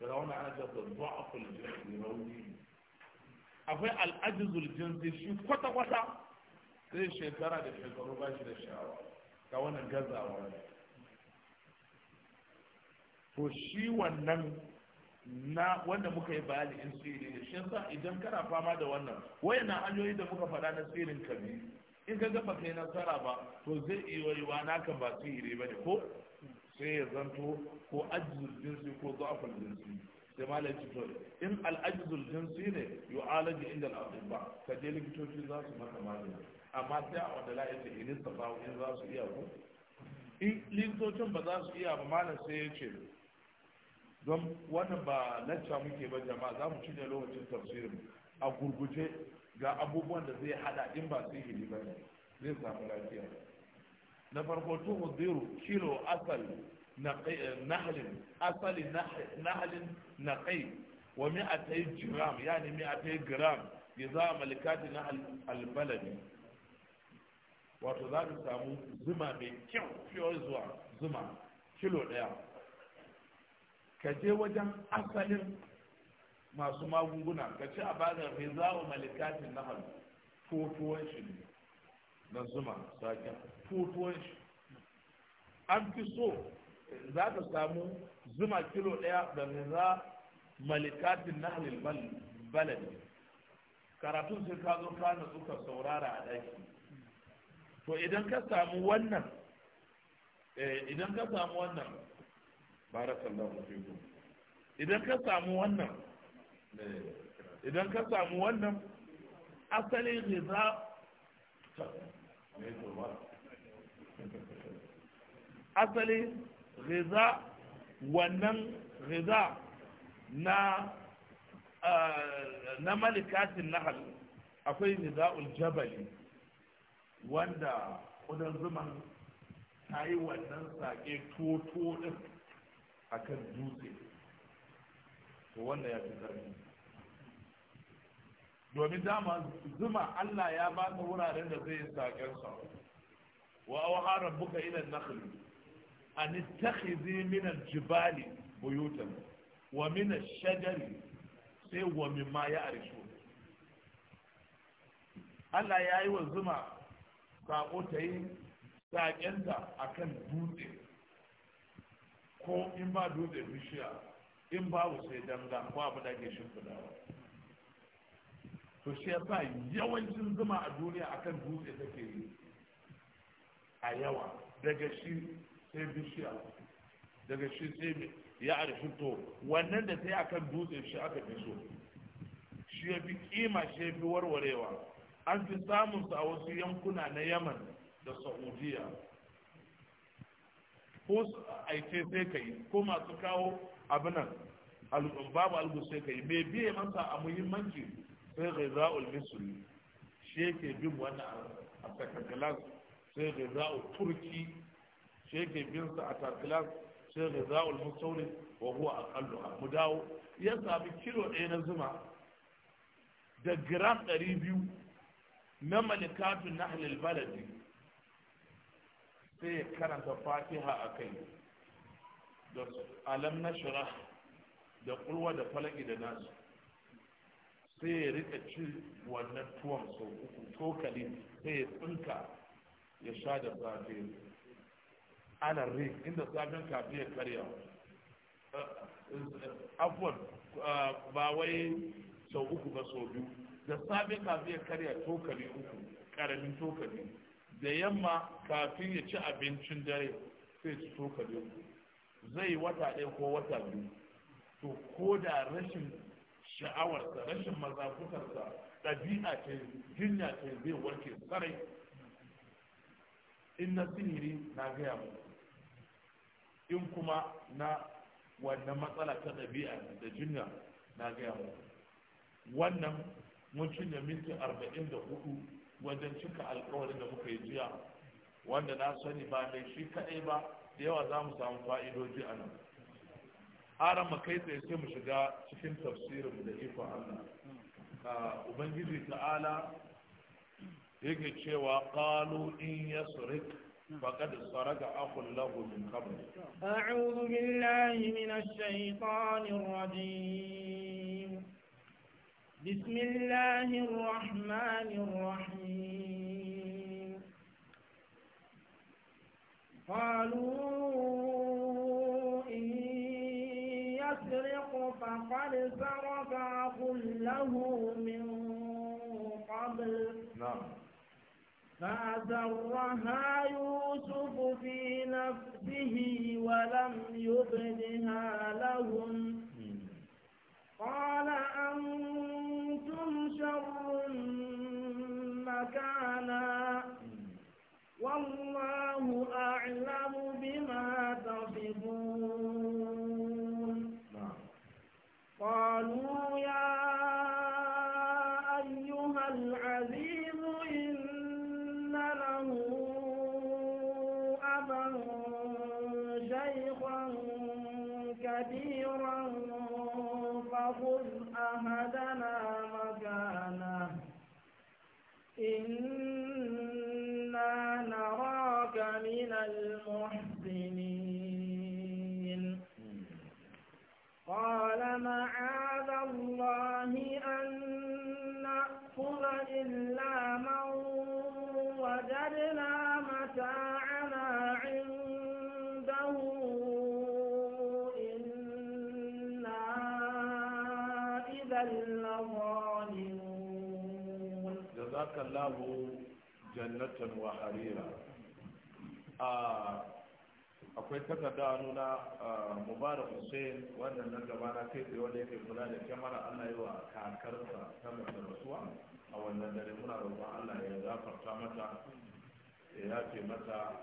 fir'auna ana da dha'ful jinsi rauni akwai al'ajizul jinsi shi kwata kwata sai shekara da shekaru ba shi da sha'awa ga wannan to shi wannan na wanda muka yi bayani in sirri ne shi sa idan kana fama da wannan wayannan hanyoyi da muka faɗa na sirrin bi. in ka ga baka nasara ba to zai iya yiwa naka ba sirri ba ne ko sai ya zanto ko ajizul jinsi ko za'aful jinsi sai malam to in al'ajizul jinsi ne alaji inda ba? ka je likitoci za su maka magani amma sai a wanda la'a ce in istafa in za su iya ku in likitocin ba za su iya ba malam sai ya ce don wannan ba lacca muke ba jama'a za mu cinye lokacin tafsirin a gurguje ga abubuwan da zai hada in ba sihiri ba ne zai samu lafiya na farko tuhudiru kilo asal nahlin asali nahlin naqai wa mi'atay gram yani mi'atay gram yaza malikati na albaladi wato za ka samu zuma mai kyau pure zuwa zuma kilo daya ka je wajen asalin masu magunguna ka ci a bada rizawa malikatin nahal ko tuwon shi na zuma sakin tutuwan shi an fi so za ta samu zuma kilo ɗaya da za malikatin na baladi karatun sai ka zo ka natsu ka saurara a ɗaki to idan ka samu wannan eh, idan ka samu wannan barakallahu fikum idan ka samu wannan eh, idan ka samu wannan asalin riza asali riza wannan riza na na malikatin nahal akwai niza'ul jabali wanda kudan zuman ta yi wannan sake toto din a kan dutse to wanda ya fi zarfi domin dama zuma allah ya ba wuraren da zai saƙen sa wa ربك إلى النخل أن اتخذي من الجبال بيوتا ومن jibali سوى wa يعرشون ألا shajari sai الزمع ساقوتي ya'rishu Allah ya wa zuma ta yi ko in ba dutse bishiya in babu sai danga ko abu da ke shimfidawa to shi yasa yawancin zuma a duniya akan dutse take yi a yawa daga shi sai bishiya daga shi sai ya arfi to wannan da sai akan dutse shi aka fi so shi ya fi kima shi ya fi warwarewa an fi samun sa a wasu yankuna na yaman da saudiya ko aice sai ka yi ko masu kawo abinan babu algu sai ka yi mai biye masa a muhimmanci sai za'ul misri shi yake bin wannan a sakakalas sai ghiza'u turki sai bin sa a tarkilan sai ghiza'ul mustawrid wa huwa aqalluha mu dawo ya sami kilo ɗaya na zuma da gram ɗari biyu na malikatun na baladi sai ya karanta fatiha a kai da alam na shira da kulwa da falaki da nasu sai ya rika ci wannan tuwon sau uku cokali sai ya tsinka ya sha da safe ana rik inda safen kafin ya karya eh, eh, afon ah, ba wai sau uku ba sau biyu da safen kafin ya karya tokali uku karamin tokali da yamma kafin ya ci abincin dare sai su tokali uku zai wata ɗaya ko wata biyu to ko da rashin sha'awarsa rashin mazafutarsa ɗabi'a ce jinya ce zai warke sarai in na sihiri na gaya mu in kuma na wannan matsala ta ɗabi'a da jinya na gaya mu wannan mun cinye minti arba'in da hudu wajen cika alkawarin da muka yi jiya wanda na sani ba mai shi kaɗai ba da yawa za mu samu fa'idoji a nan aran mu kai tsaye sai mu shiga cikin tafsirin da ikon Allah ah, ubangiji ta'ala yake cewa qalu in yasrik فقد سرق أخ له من قبل أعوذ بالله من الشيطان الرجيم بسم الله الرحمن الرحيم قالوا إن يسرق فقد سرق أخ له من قبل نعم فأسرها يوسف في نفسه ولم يبدها لهم قال أنتم شر مكانا والله أعلم بما تصفون نعم. قالوا يا قال معاذ الله أن نأخذ إلا من وجدنا متاعنا عنده إنا إذا لظالمون جزاك الله جنة وحريرا آه akwai takarda nuna mubarak hussein wannan na gaba na kai tsaye wanda yake kula da kyamara allah yi wa kakarsa ta mace rasuwa a wannan dare muna roƙon allah ya zafarta mata ya ce mata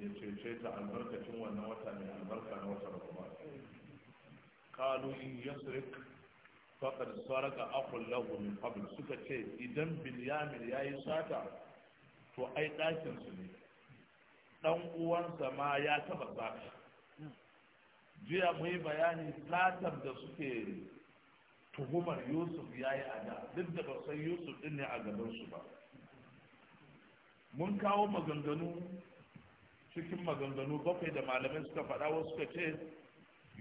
ya cece ta albarkacin wannan wata mai albarka na wata rukuma kalu in yasrik faqad saraka aqul lahu min qabl suka ce idan ya yayi sata to ai dakin su ne dan uwansa ma ya taba sata jiya mu yi bayani satar da suke tuhumar yusuf ya yi a da duk da ba san yusuf din ne a su ba mun kawo maganganu cikin maganganu bakwai da malamai suka faɗa wasu suka ce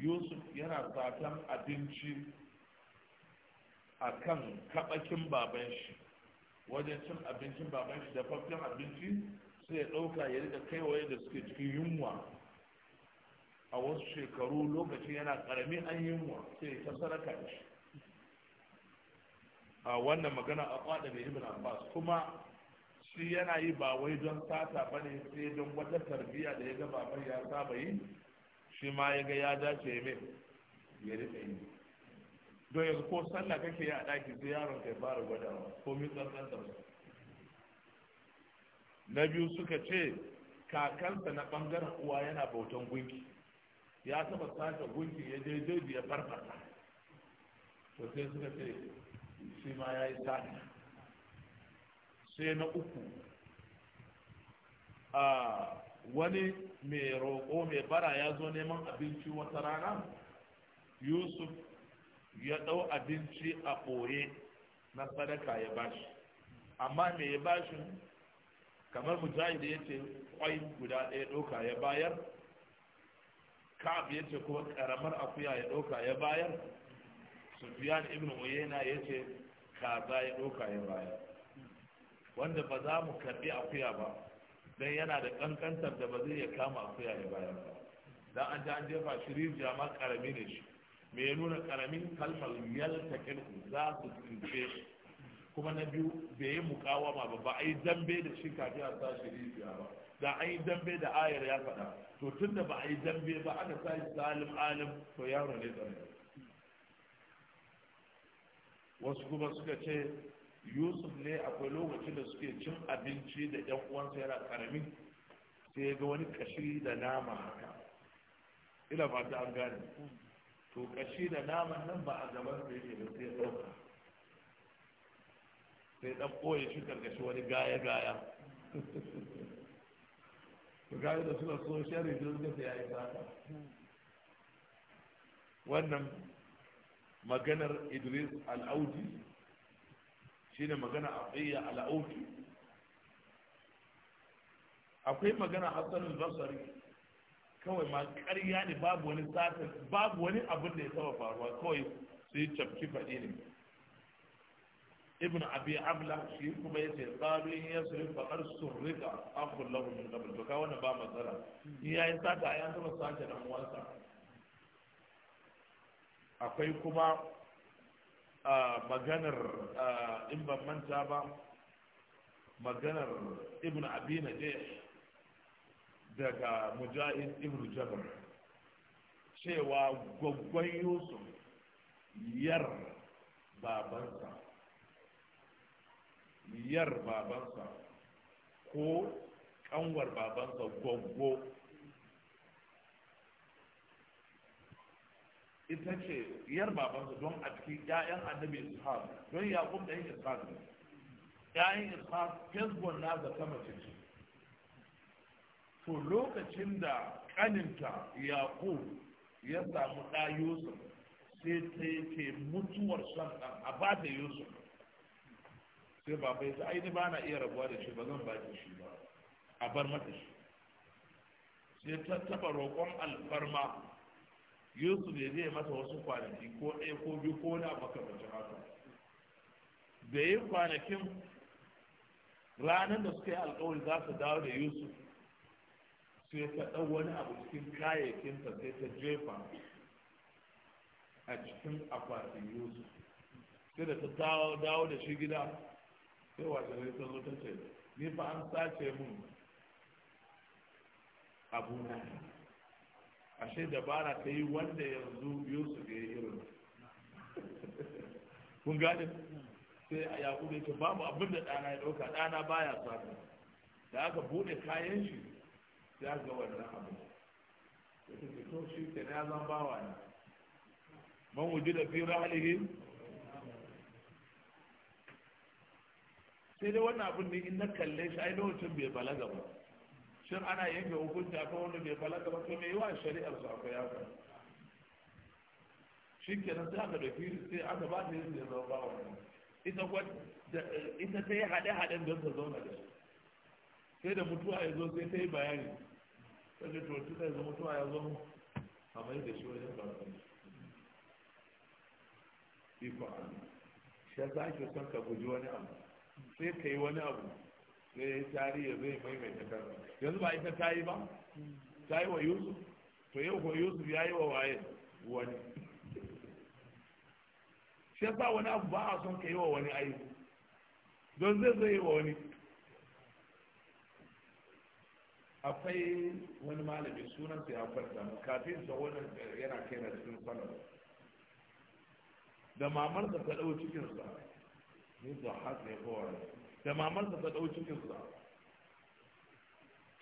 yusuf yana satan abinci a kan kaɓakin baban shi wajen cin abincin baban shi da fafin abinci sai ya ɗauka ya rika kaiwaye da suke cikin yunwa a wasu shekaru lokacin yana ƙarami an yunwa sai ta saraka shi a wannan magana a kwada mai ibn abbas kuma shi yana yi ba wai don sata ba ne sai don wata tarbiyya da ya ga baban ya saba yi shi ma ya ga ya dace mai ya rika yi don yanzu ko sallah kake yi a ɗaki sai yaron kai fara gwadawa ko min tsantsan tsantsan na biyu suka ce kakansa na ɓangaren uwa yana bautan gunki ya taba sace gunki ya je jeji ya farfasa to sai suka ce shi ma ya yi sata sai na uku a wani mai roƙo mai bara ya zo neman abinci wata rana yusuf ya ɗau abinci a ɓoye na sadaka ya bashi amma mai ya bashin kamar mujahid ya ce kwai guda ɗaya ɗauka ya bayar ka'ab ya ce kuma karamar akuya ya ɗauka ya bayar sufiyan ibn uyena ya ce kaza ya ɗauka ya bayar wanda ba za mu karɓi akuya ba don yana da ƙanƙantar da ba zai ya kama akuya ya bayar ba dan an ji an jefa shi jama'a ƙarami ne shi me ya nuna ƙaramin kalmar yalta kirku za su tsince shi kuma na biyu bai yi mukawama ba ba a yi dambe da shi kafin a sa shi ba da an yi dambe da ayar ya faɗa to tun da ba a yi dambe ba aka sa shi salim alim to yaro ne tsare wasu kuma suka ce yusuf ne akwai lokacin da suke cin abinci da yan uwansa yana karami sai ya ga wani kashi da nama haka ina ba ta an gane to kashi da naman nan ba a gaban yake da sai ya ɗauka sai dan boye shi karkashi wani gaya gaya to gaya da suna so shari da suka sai yayi saka wannan maganar Idris al-Audi shine magana Aqiya al-Audi akwai magana Hassan al-Basri kawai ma ƙarya ne babu wani sata, babu wani abin da ya saba faruwa kawai sai cafki faɗi ne ibn abi abla shi kuma ya ce qalu in yasrif faqad surrika aqul lahu min qabl to ba matsala in yayi sata ai an taba sata dan uwansa akwai kuma maganar in ban manta ba maganar ibn abi najih daga mujahid ibn jabr cewa gwaggwan yusuf yar babansa yar babansa ko kanwar babansa gwaggo ita ce yar babansa don a cikin 'ya'yan annabi ishaq don yaqub da ishaq ne ya'yan ishaq fesbon na da ta mace ce to lokacin da kaninta yaqub ya samu ɗa yusuf sai ta yake mutuwar son ɗan a ba da yusuf sai ba bai ta aini ba na iya rabuwa da shi ba zan baki shi ba a bar mata shi sai ta taba roƙon alfarma yusuf ya zai masa wasu kwanaki ko ɗaya ko biyu ko wani abu makamancin haka da yin kwanakin ranar da suka yi alkawari za su dawo da yusuf sai ta ɗau wani abu cikin kayayyakinta sai ta jefa a cikin akwatin yusuf sai da ta dawo da shi gida sai wace gari ta zo ce ni fa an sace mun abuna ashe dabara ta yi wanda yanzu yusuf ya yi irin kun gane sai a yakubu ya ce babu abin da ɗana ya ɗauka ɗana baya samu da aka bude kayan shi Ya ga wannan abu. ya ce to shi ke na zan bawa ne man wujuda fi rahalihi sai dai wannan abin ne in na kalle shi ai lokacin bai balaga ba shin ana yanke hukunci akan wanda bai balaga ba to me yawa shari'ar su akwai haka shi kenan sai aka dauki sai aka ba ta yin ya zama ba ita kuwa ita ta yi haɗe-haɗen don ta zauna da shi sai da mutuwa ya zo sai ta yi bayani ta ce to tuna yanzu mutuwa ya zo a mai da shi wajen barkan ikon Allah shi ya sa ake son ka guji wani abu sai ka yi wani abu sai ya tari ya zai maimaita kansa yanzu ba ita ta yi ba ta yi wa yusuf to yau ko yusuf ya yi wa waye wani shi yasa wani abu ba a son ka yi wa wani ayi don zai zai yi wa wani akwai wani malami sunan ya farta mu kafin sa wannan yana kai na cikin sanar da mamar da ta ɗau cikinsa min da haka ya kowa da mamarsa ta ɗau cikinsa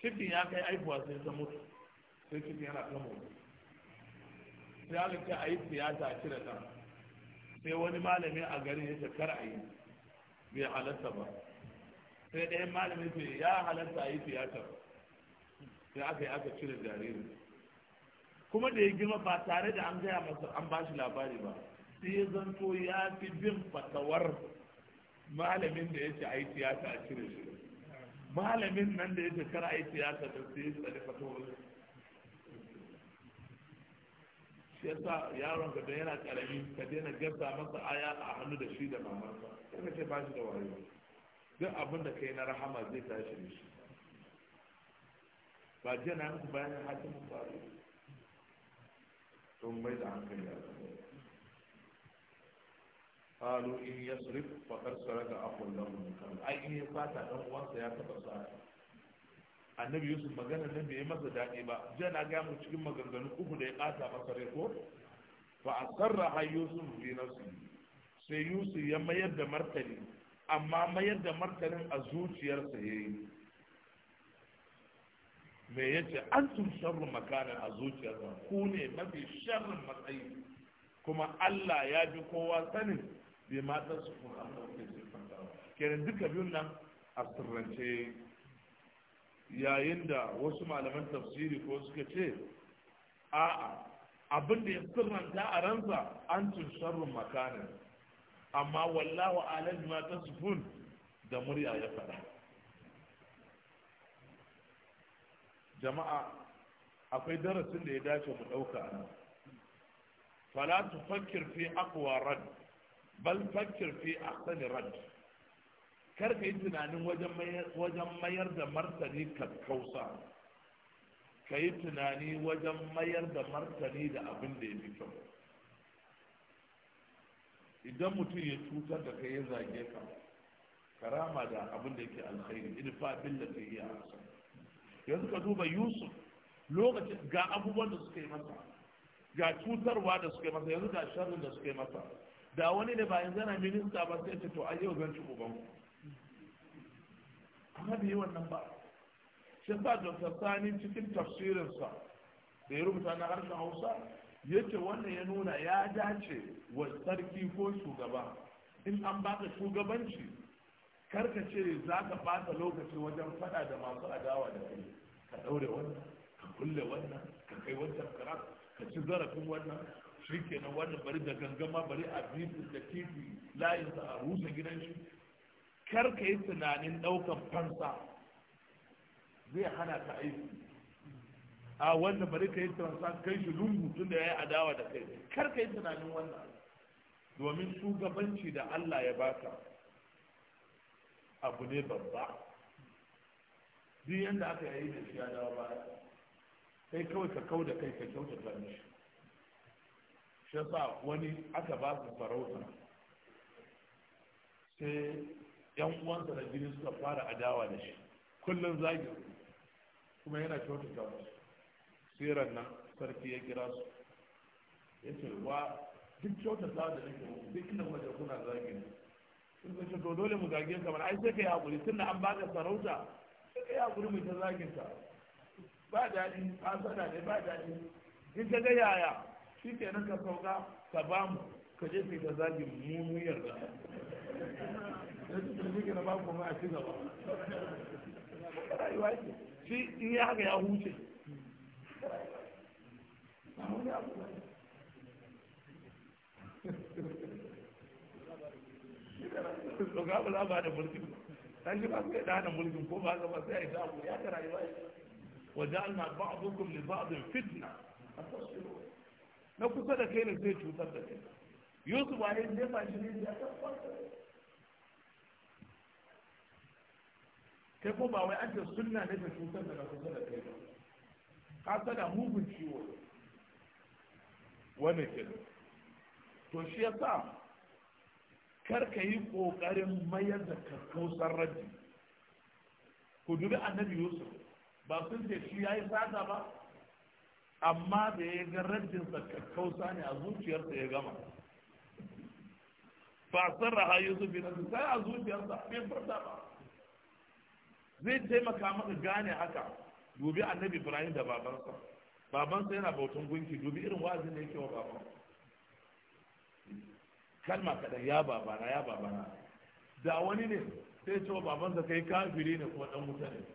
cikin ya kai aifuwa sai ta mutu sai cikin yana ta mutu sai aka a yi siyasa a cire ta. sai wani malami a garin ya ce kar a yi bai halatta ba sai ɗaya malami sai ya halatta a yi siyasa sai aka yi aka cire jaririn kuma da ya girma ba tare da an gaya masa an ba shi labari ba sai ya zanto ya fi bin fatawar malamin da a ai tiyata a cire shi malamin nan da yace kar ai tiyata da sai ya tsare fato shi sa yaron ka da yana karami ka daina gasa masa aya a hannu da shi da mamarsa sai ka ce ba shi da wayo duk abin da kai na rahama zai tashi da shi ba jana na yanku bayan hakimin faru don mai da hankali a قالوا إن يسرق فقد سرق أخو له من قبل أي إن يفاتا أن وانسى يا تبصار annabi yusuf magana nan bai masa daɗi ba jiya na gaya mu cikin maganganu uku da ya ƙata masa rai ko fa asarra ha yusuf fi sai yusuf ya mayar da martani amma mayar da martanin a zuciyarsa yayi me yace antum sharru makanan a zuciyarsa ku ne mafi sharrin matsayi kuma Allah ya bi kowa sanin bai ma su kuma an ɗauke siffanta kenan duka biyun nan a sirrance yayin da wasu malaman tafsiri ko suka ce a'a abin da ya sirranta a ransa an tun sharrun makanin amma wallahu alam ma tasfun da murya ya faɗa jama'a akwai darasin da ya dace mu ɗauka a nan fala tufakkir fi aqwa radd bal fakir fi ahsani rad kar ka yi tunanin wajen mayar da martani kakkausa ka yi tunani wajen mayar da martani da abin da ya fi kyau idan mutum ya cutar da kai ya zage ka karama da abin da yake alkhairi irfa billati hiya ahsan yanzu ka duba yusuf lokacin ga abubuwan da suka yi masa ga cutarwa da suka yi masa yanzu ga sharrin da suka yi masa da wani da ba zana minista ba sai ce to a yau zan ci uban amma bai yi wannan ba shi sa sani cikin tafsirinsa da ya rubuta na harshen hausa ya ce wannan ya nuna ya dace wa sarki ko shugaba in an baka shugabanci karka ce za ka bata lokaci wajen fada da masu adawa da kai ka daure wannan ka kulle wannan ka kai wancan kara ka ci zarafin wannan shi kenan wannan bari da gangama bari a bisu da titi layinsa a rusa gidan shi kar ka yi tunanin ɗaukan fansa zai hana ka aiki a wannan bari ka yi tunanin kai shi lungu tun da ya yi adawa da kai kar ka yi tunanin wannan domin shugabanci da Allah ya baka abu ne babba duk yadda aka yi da shi ya dawo sai kawai ka kau da kai ka kyautata mishi shi wani aka ba su farauta sai yan uwansa da jini suka fara adawa da shi kullum zagi kuma yana kyautata musu siran nan sarki ya kira su ya ce wa duk kyautata da nake muku duk inda wajen kuna zagi ne sun zai to dole mu gage ka mana ai sai ka yi haƙuri tun da an ka sarauta sai ka yi haƙuri mu ta zagin ka ba daɗi asada ne ba daɗi in ka ga yaya shi ke nan ka sauka ka ba mu ka je sai ka zagi mu yarda shi a in haka ya huce ga ba za ba da mulkin shi ba su da mulkin ko ba sai ya ya rayuwa li fitna na kusa da kai ne zai cutar da kai yusuf a ne jefa shi ne ya kai ko ba wai an ce sunna ne ta cutar da na kusa da kai ba ka sada mugun ciwo wannan kenan to shi yasa kar ka yi ƙoƙarin mayar da kakkausar rabi ku dubi annabi yusuf ba sun ce shi ya yi sata ba amma da ya ga raddinsa kakkausa ne a zuciyarsa ya gama san raha yusuf bin asu sai a zuciyarsa bai furta ba zai taimaka maka gane haka dubi annabi ibrahim da babansa babansa yana bautan gunki dubi irin wazin da yake wa baban kalma kaɗan ya babana ya babana da wani ne sai ce wa babansa kai kafiri ne kuma ɗan mutane. ne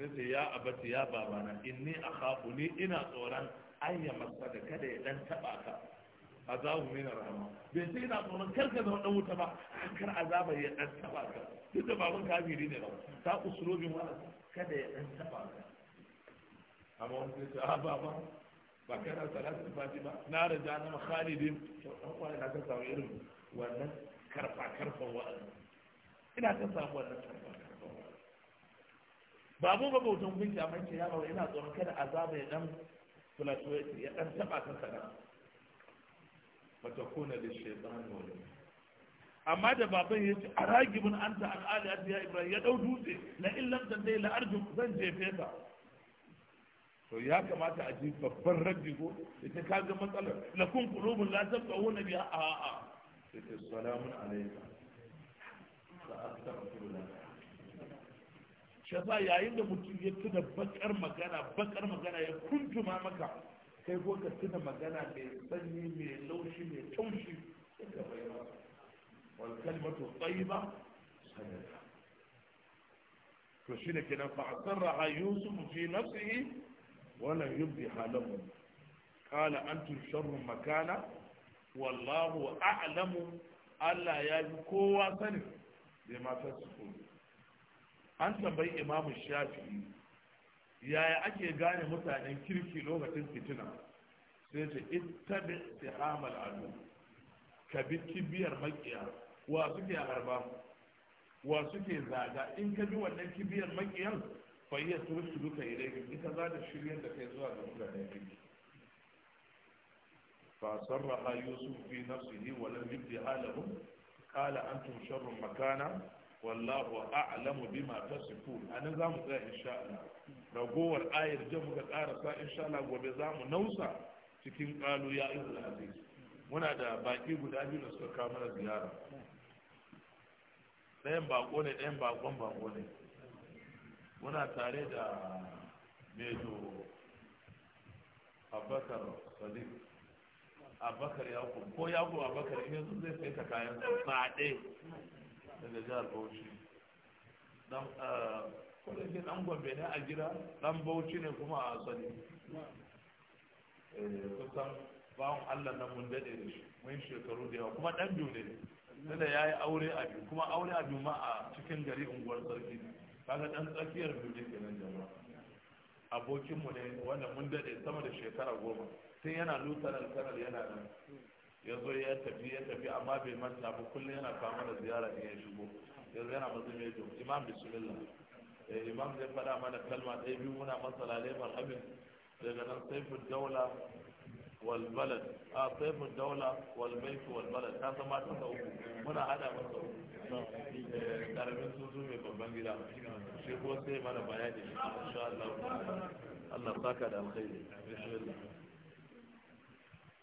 sai sai ya abati ya babana inni haku ni ina tsoron an yi masa da kada ya dan taba ka a za mu min rahama bai sai ina tsoron kar ka zama dan wuta ba kar azaba ya dan taba ka duk da baban kafiri ne ba ta usulobin wannan kada ya dan taba ka amma wani sai sai a ah, baba ba kana ba fati ba na raja na khalidin dan kwana na ka samu irin wannan karfa karfa wa'azi ina ta samu wannan karfa ba mu ba bautan gunki a ce ya bawa yana tsoron kada azaba ya dan filato ya dan taba ka sana mata kuna da shaitan wani amma da baban ya ce a ragibin an ta an ali ya ibrahim ya dau dutse na illan da dai la arjum zan jefe ka to ya kamata a ji babban rabbi ko ita ka ga matsalar lakun qulubun la tabqawuna biha a a sai salamun alayka sa astaghfirullah shi yayin da mutum ya tuna bakar magana bakar magana ya kuntuma maka kai ko ka tuna magana mai sanyi mai laushi mai taushi sai ka bai masa wal kalmatu tayyiba sadaka to shine kenan fa asarraha yusuf fi nafsihi wala yubdiha lahu qala antum sharrun makana wallahu a'lamu Allah ya bi kowa sanin bai ma an tambayi imamu shafi'i yaya ake gane mutanen kirki lokacin fitina sai ce da sihamal adu ka bi kibiyar makiya wa suke harba wa suke zaga in ka bi wannan kibiyar makiyan fa iya tursu duka laifin, ita za ta shirya da kai zuwa ga mutanen kirki yusuf fi nafsihi wa ولم يبدها halahu قال antum شر makana. wallahu a'lamu bima tasifun anan zamu tsaya insha Allah ragowar ayar da muka karasa insha Allah gobe zamu nausa cikin qalu ya ibn aziz muna da baki guda biyu da suka kawo mana ziyara ɗayan bako ne ɗayan bakon bako ne muna tare da mejo abakar sadiq abakar yakub ko yakub abakar yanzu zai sai ta kayan sa ɗaya daga jihar bauchi dan ah, ke dan gombe ne a gida dan bauchi ne kuma a asali eh, kusan bawon allah nan mun dade da shi mun shekaru da yawa kuma dan biyu ne tunda ya yi aure a biyu kuma aure a biyu ma a cikin gari unguwar sarki ne kaga dan tsakiyar biyu ne kenan jama'a abokinmu ne wanda mun dade sama da shekara goma sai yana lutar alkanar yana nan ya zo ya tafi ya tafi amma bai manta ba kullum yana kawo mana ziyara in ya shigo yanzu yana mazumi ya jumci imam bismillah eh, imam zai faɗa mana kalma ɗaya biyu muna masala lebar abin daga nan saifin daula wal balad a ah, saifin daula wal baitu wal balad ta zama ta sau muna hada masa karamin eh, zo mai babban gida shi ko sai mana bayani insha Allah Allah saka da alkhairi bismillah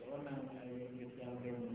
wannan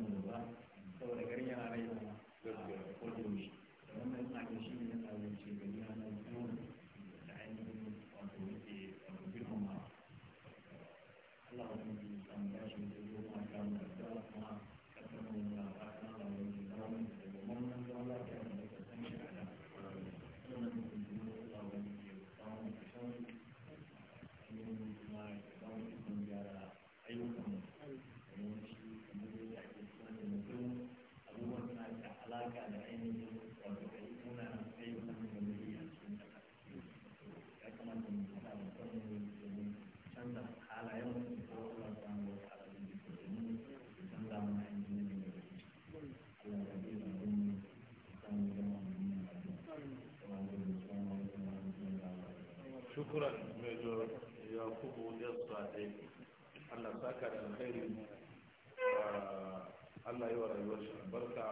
shi albarka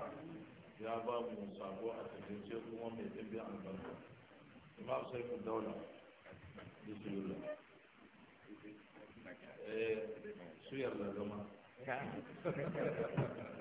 ya ba mu sabo a tafiye kuma mai ɗimbin albarka imam sai ku daula bisimila eh su yarda zama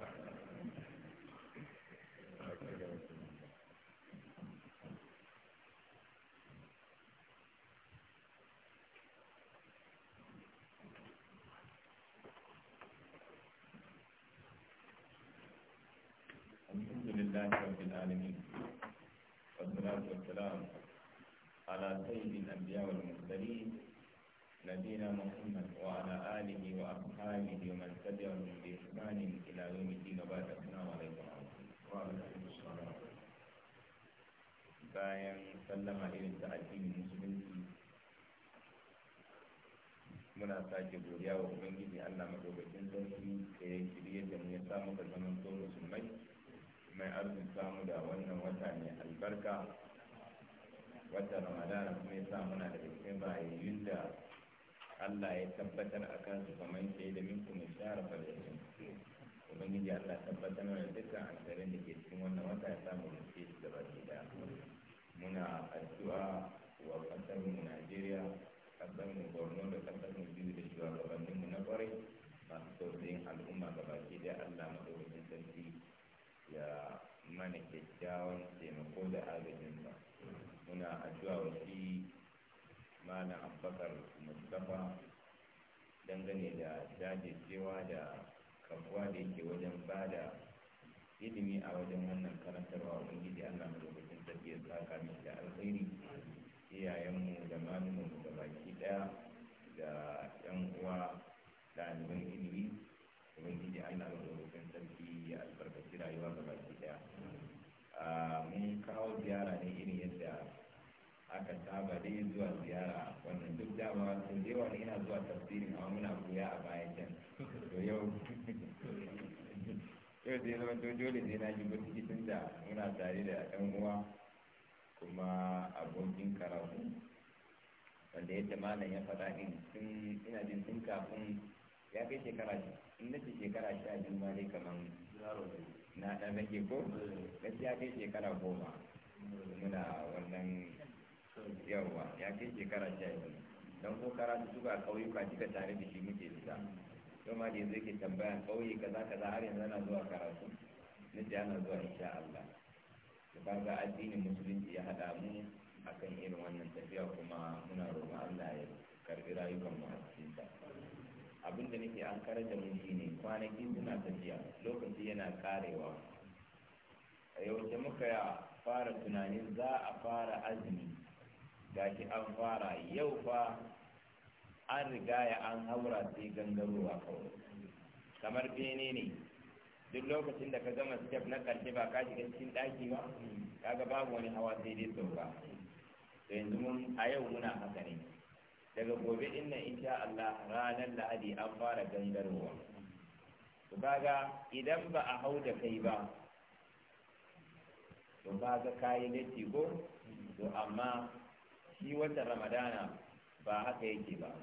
لله رب العالمين والصلاة والسلام على سيد الأنبياء والمرسلين نبينا محمد وعلى آله وأصحابه ومن تبعهم بإحسان إلى يوم الدين وبعد السلام عليكم وعليكم السلام bayan sallama irin ta addinin musulunci muna sake godiya wa ubangiji allah madaukakin sarki da ya shirye da mu ya samu ka zaman mai arzikin samu da wannan wata ne albarka wata ramadana kuma ya sa muna da cikin bayayyun da Allah ya tabbatar a kansu kamar sai da minku mai shara falashin ubangiji Allah tabbatar da dukkan alkarin da ke cikin wannan wata ya samu da ke da baki da muna addu'a wa kasar Najeriya kasar mu Borno da kasar biyu da shugabannin na kwarai masu tausayin al'umma baki, da Allah mu Da mana kyakkyawan taimako da agajin ba, muna addu'a wa shi malam abbakar mustapha dangane da jajircewa da kafuwa da yake wajen ba da ilimi a wajen wannan karantarwa ubangiji allah lokacin sarki ya saka mai da alkhairi iyayenmu da malumanmu da baki daya da yan uwa da ilimi ubangiji allah mun kawo ziyara ne irin yadda aka saba dai zuwa ziyara wannan duk dama sun je wani yana zuwa tafsirin amma muna koya a baya can to yau yau zai zama to dole zai na ji baki tun da muna tare da ɗan uwa kuma abokin karatu wanda yadda malam ya faɗa ɗin sun ina jin tun kafin ya kai shekara in na ce shekara sha biyu ma dai kamar yaro na ɗan nake ko gaskiya kai shekara goma muna wannan yawa ya kai shekara sha biyu don ko karatu suka ƙauyuka duka tare da shi muke fita don ma da yanzu yake tambaya ƙauye kaza kaza har yanzu ana zuwa karatu na ce ana zuwa insha Allah da ga addinin musulunci ya haɗa mu akan irin wannan tafiya kuma muna roƙon Allah ya karɓi rayukan mu abin da nake an karar da mu ne kwanaki suna tafiya lokaci yana karewa a yaushe muka fara tunanin za a fara azumi gashi an fara yau fa an riga rigaya an haura sai gangarowa kawai kamar bene ne duk lokacin da ka gama step na karshe ba ka shiga cikin ɗaki ba kaga babu wani hawa sai dai sauka to yanzu mun a yau muna haka ne daga gobe inna insha Allah ranar lahadi an fara gangarwa. to kaga idan ba a hau da kai ba to kaga ne ti ko to amma shi wata ramadana ba haka yake ba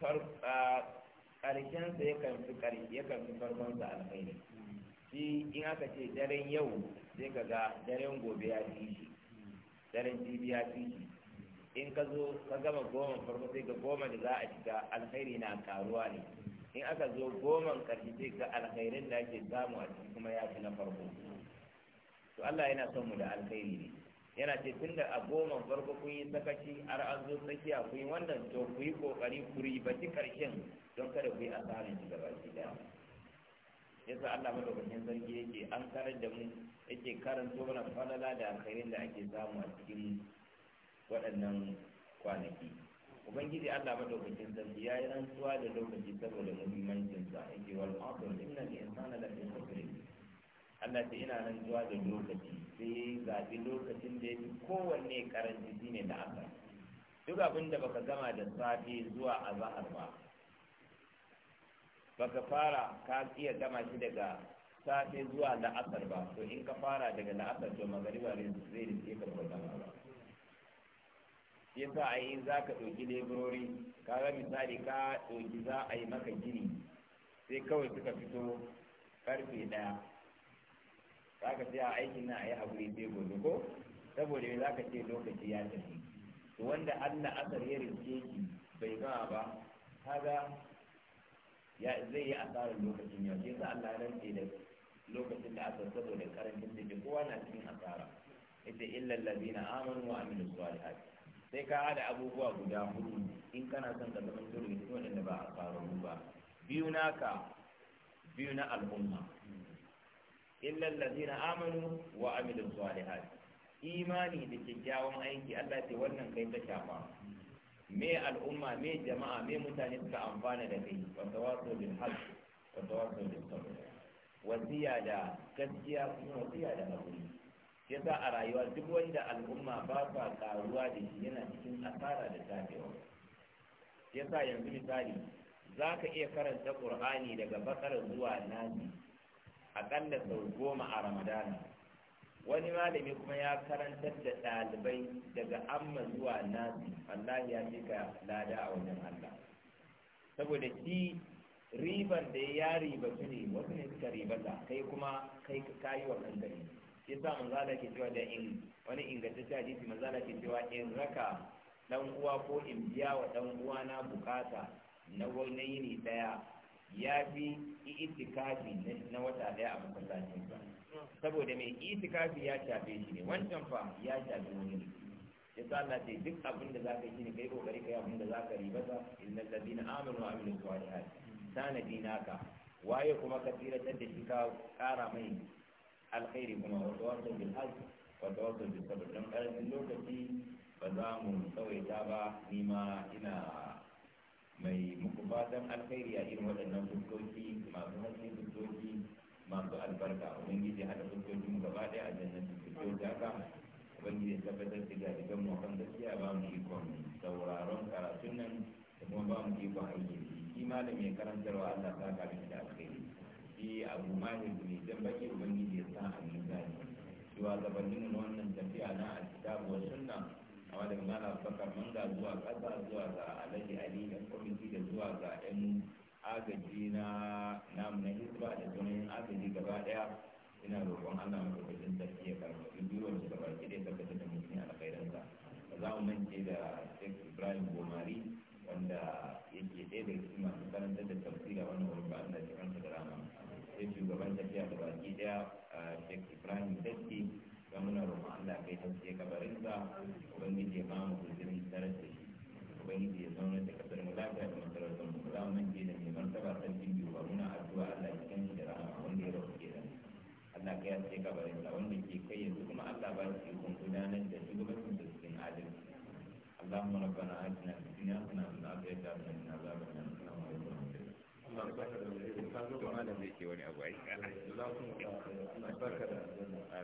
ƙarshensa yakan fi yakan fi sa alkhairi shi in aka ce daren yau sai ka daren gobe ya fi shi daren jibi ya fi shi in ka zo ka gama goma farko sai ga goma da za a shiga alkhairi na karuwa ne in aka zo goman karshe sai ga alkhairin da ake samu a ciki kuma ya fi na farko to Allah yana son mu da alkhairi ne yana ce tun da a goma farko kun yi sakaci har an zo tsakiya kun yi wannan to ku yi kokari ku ribaci karshen don kada ku yi asarin shi gaba ki daya yasa Allah madaukakin sarki yake an karar da mu yake karanto mana falala da alkhairin da ake samu a cikin waɗannan kwanaki ubangiji Allah madaukakin sarki ya yi rantsuwa da lokaci saboda muhimmancin sa yake wal asr innal insana lafi khusr Allah ce ina rantsuwa da lokaci sai zaɓi lokacin da yake kowanne karanci shine da asar duk abin da baka gama da safe zuwa azahar ba baka fara ka iya gama shi daga safe zuwa la'asar ba to in ka fara daga la'asar to magariba zai rike ka ba gama ba shi yasa a yi za ka ɗauki leburori kaga misali ka ɗauki za a yi maka gini sai kawai suka fito karfe ɗaya za ka sai a aikin na a yi haƙuri sai gobe ko saboda za ka ce lokaci ya tafi to wanda allah asar ya riske ki bai gama ba kaga ya zai yi asarar lokacin yau shi yasa allah rantse da lokacin da asar saboda karancin da kowa na cikin asara ita illa allazina amanu wa amilu salihat sai ka hada abubuwa guda hudu in kana son ka zama turbi cikin waɗanda ba a faru ba biyu naka biyu na al'umma illa allazina amanu wa amilus salihat imani da kyakkyawan aiki Allah ce wannan kai ta shafa me al'umma me jama'a me mutane suka amfana da kai wa tawassul bil haqq wa tawassul bis sabr wasiya da gaskiya kuma wasiya da hakuri yasa a rayuwa duk wanda al'umma ba sa karuwa da shi yana cikin asara da Ya sa yanzu misali za ka iya karanta ƙur'ani daga bakar zuwa Nazi aƙalla sau goma a ramadana wani malami kuma ya karantar da ɗalibai daga amma zuwa Nazi? wallahi ya ka lada a wajen allah saboda shi riban da ya riba su ne wasu ne suka ribata kai kuma kai ka yi wa riba shi sa manzo Allah ke cewa da in wani ingantaccen hadisi manzo Allah ke cewa in raka dan uwa ko in biya wa dan uwa na bukata na wani yini daya ya fi itikafi na wata daya a masallacin sa saboda mai itikafi ya shafe shi ne wancan fa ya shafe wani ne ya sa Allah ce duk abin da zaka yi ne kai kokari kai abin da zaka ribata innal ladina amanu wa amilus salihat sanadi naka waye kuma ka tsira da shi ka kara mai alkhairi kuma wa tawassau bil hajj wa da bil sabr dan karin lokaci ba za mu tsawaita ba ni ma ina mai muku fatan alkhairi a irin waɗannan fuskoki masu haske fuskoki masu albarka haɗa hada mu gaba ɗaya a jannatin fuskoki haka ubangiji tabbatar da gidan mu kan gaskiya ba mu ikon sauraron karatun nan da kuma ba mu ikon aiki shi malam ya karantarwa Allah ta kafin da alkhairi shi abu mahir mai don baki ubangiji ya sa a mizani cewa gabanin wannan tafiya na a alkitabu wa sunna a wadda mala bakar manga zuwa kasa zuwa ga alhaji ali da kwamiti da zuwa ga yan agaji na namu na hisba da yan agaji gaba daya ina roƙon allah maɗaukakin tafiya ya karɓi gwiwar su gaba ki dai tabbatar da mutum kairansa ba za mu mance da sheikh ibrahim bomari wanda yake ɗaya daga cikin masu karanta da tafsira wani muna roƙon Allah kai tausaye kabarinsa ubangiji ya ba mu guzurin da shi ubangiji ya zauna da kasar mu lafiya da masarautar mu za mu manje da mai martaba sarkin biyu ba muna addu'a Allah ya kan shi da a wanda ya rabu da Allah kai ya tsaye ba wanda ke kai yanzu kuma Allah ba shi kun gudanar da shugabancin da cikin adalci اللهم ربنا آتنا في الدنيا حسنة وفي الآخرة حسنة وقنا عذاب النار السلام عليكم ورحمة الله Allah da wani abu Allah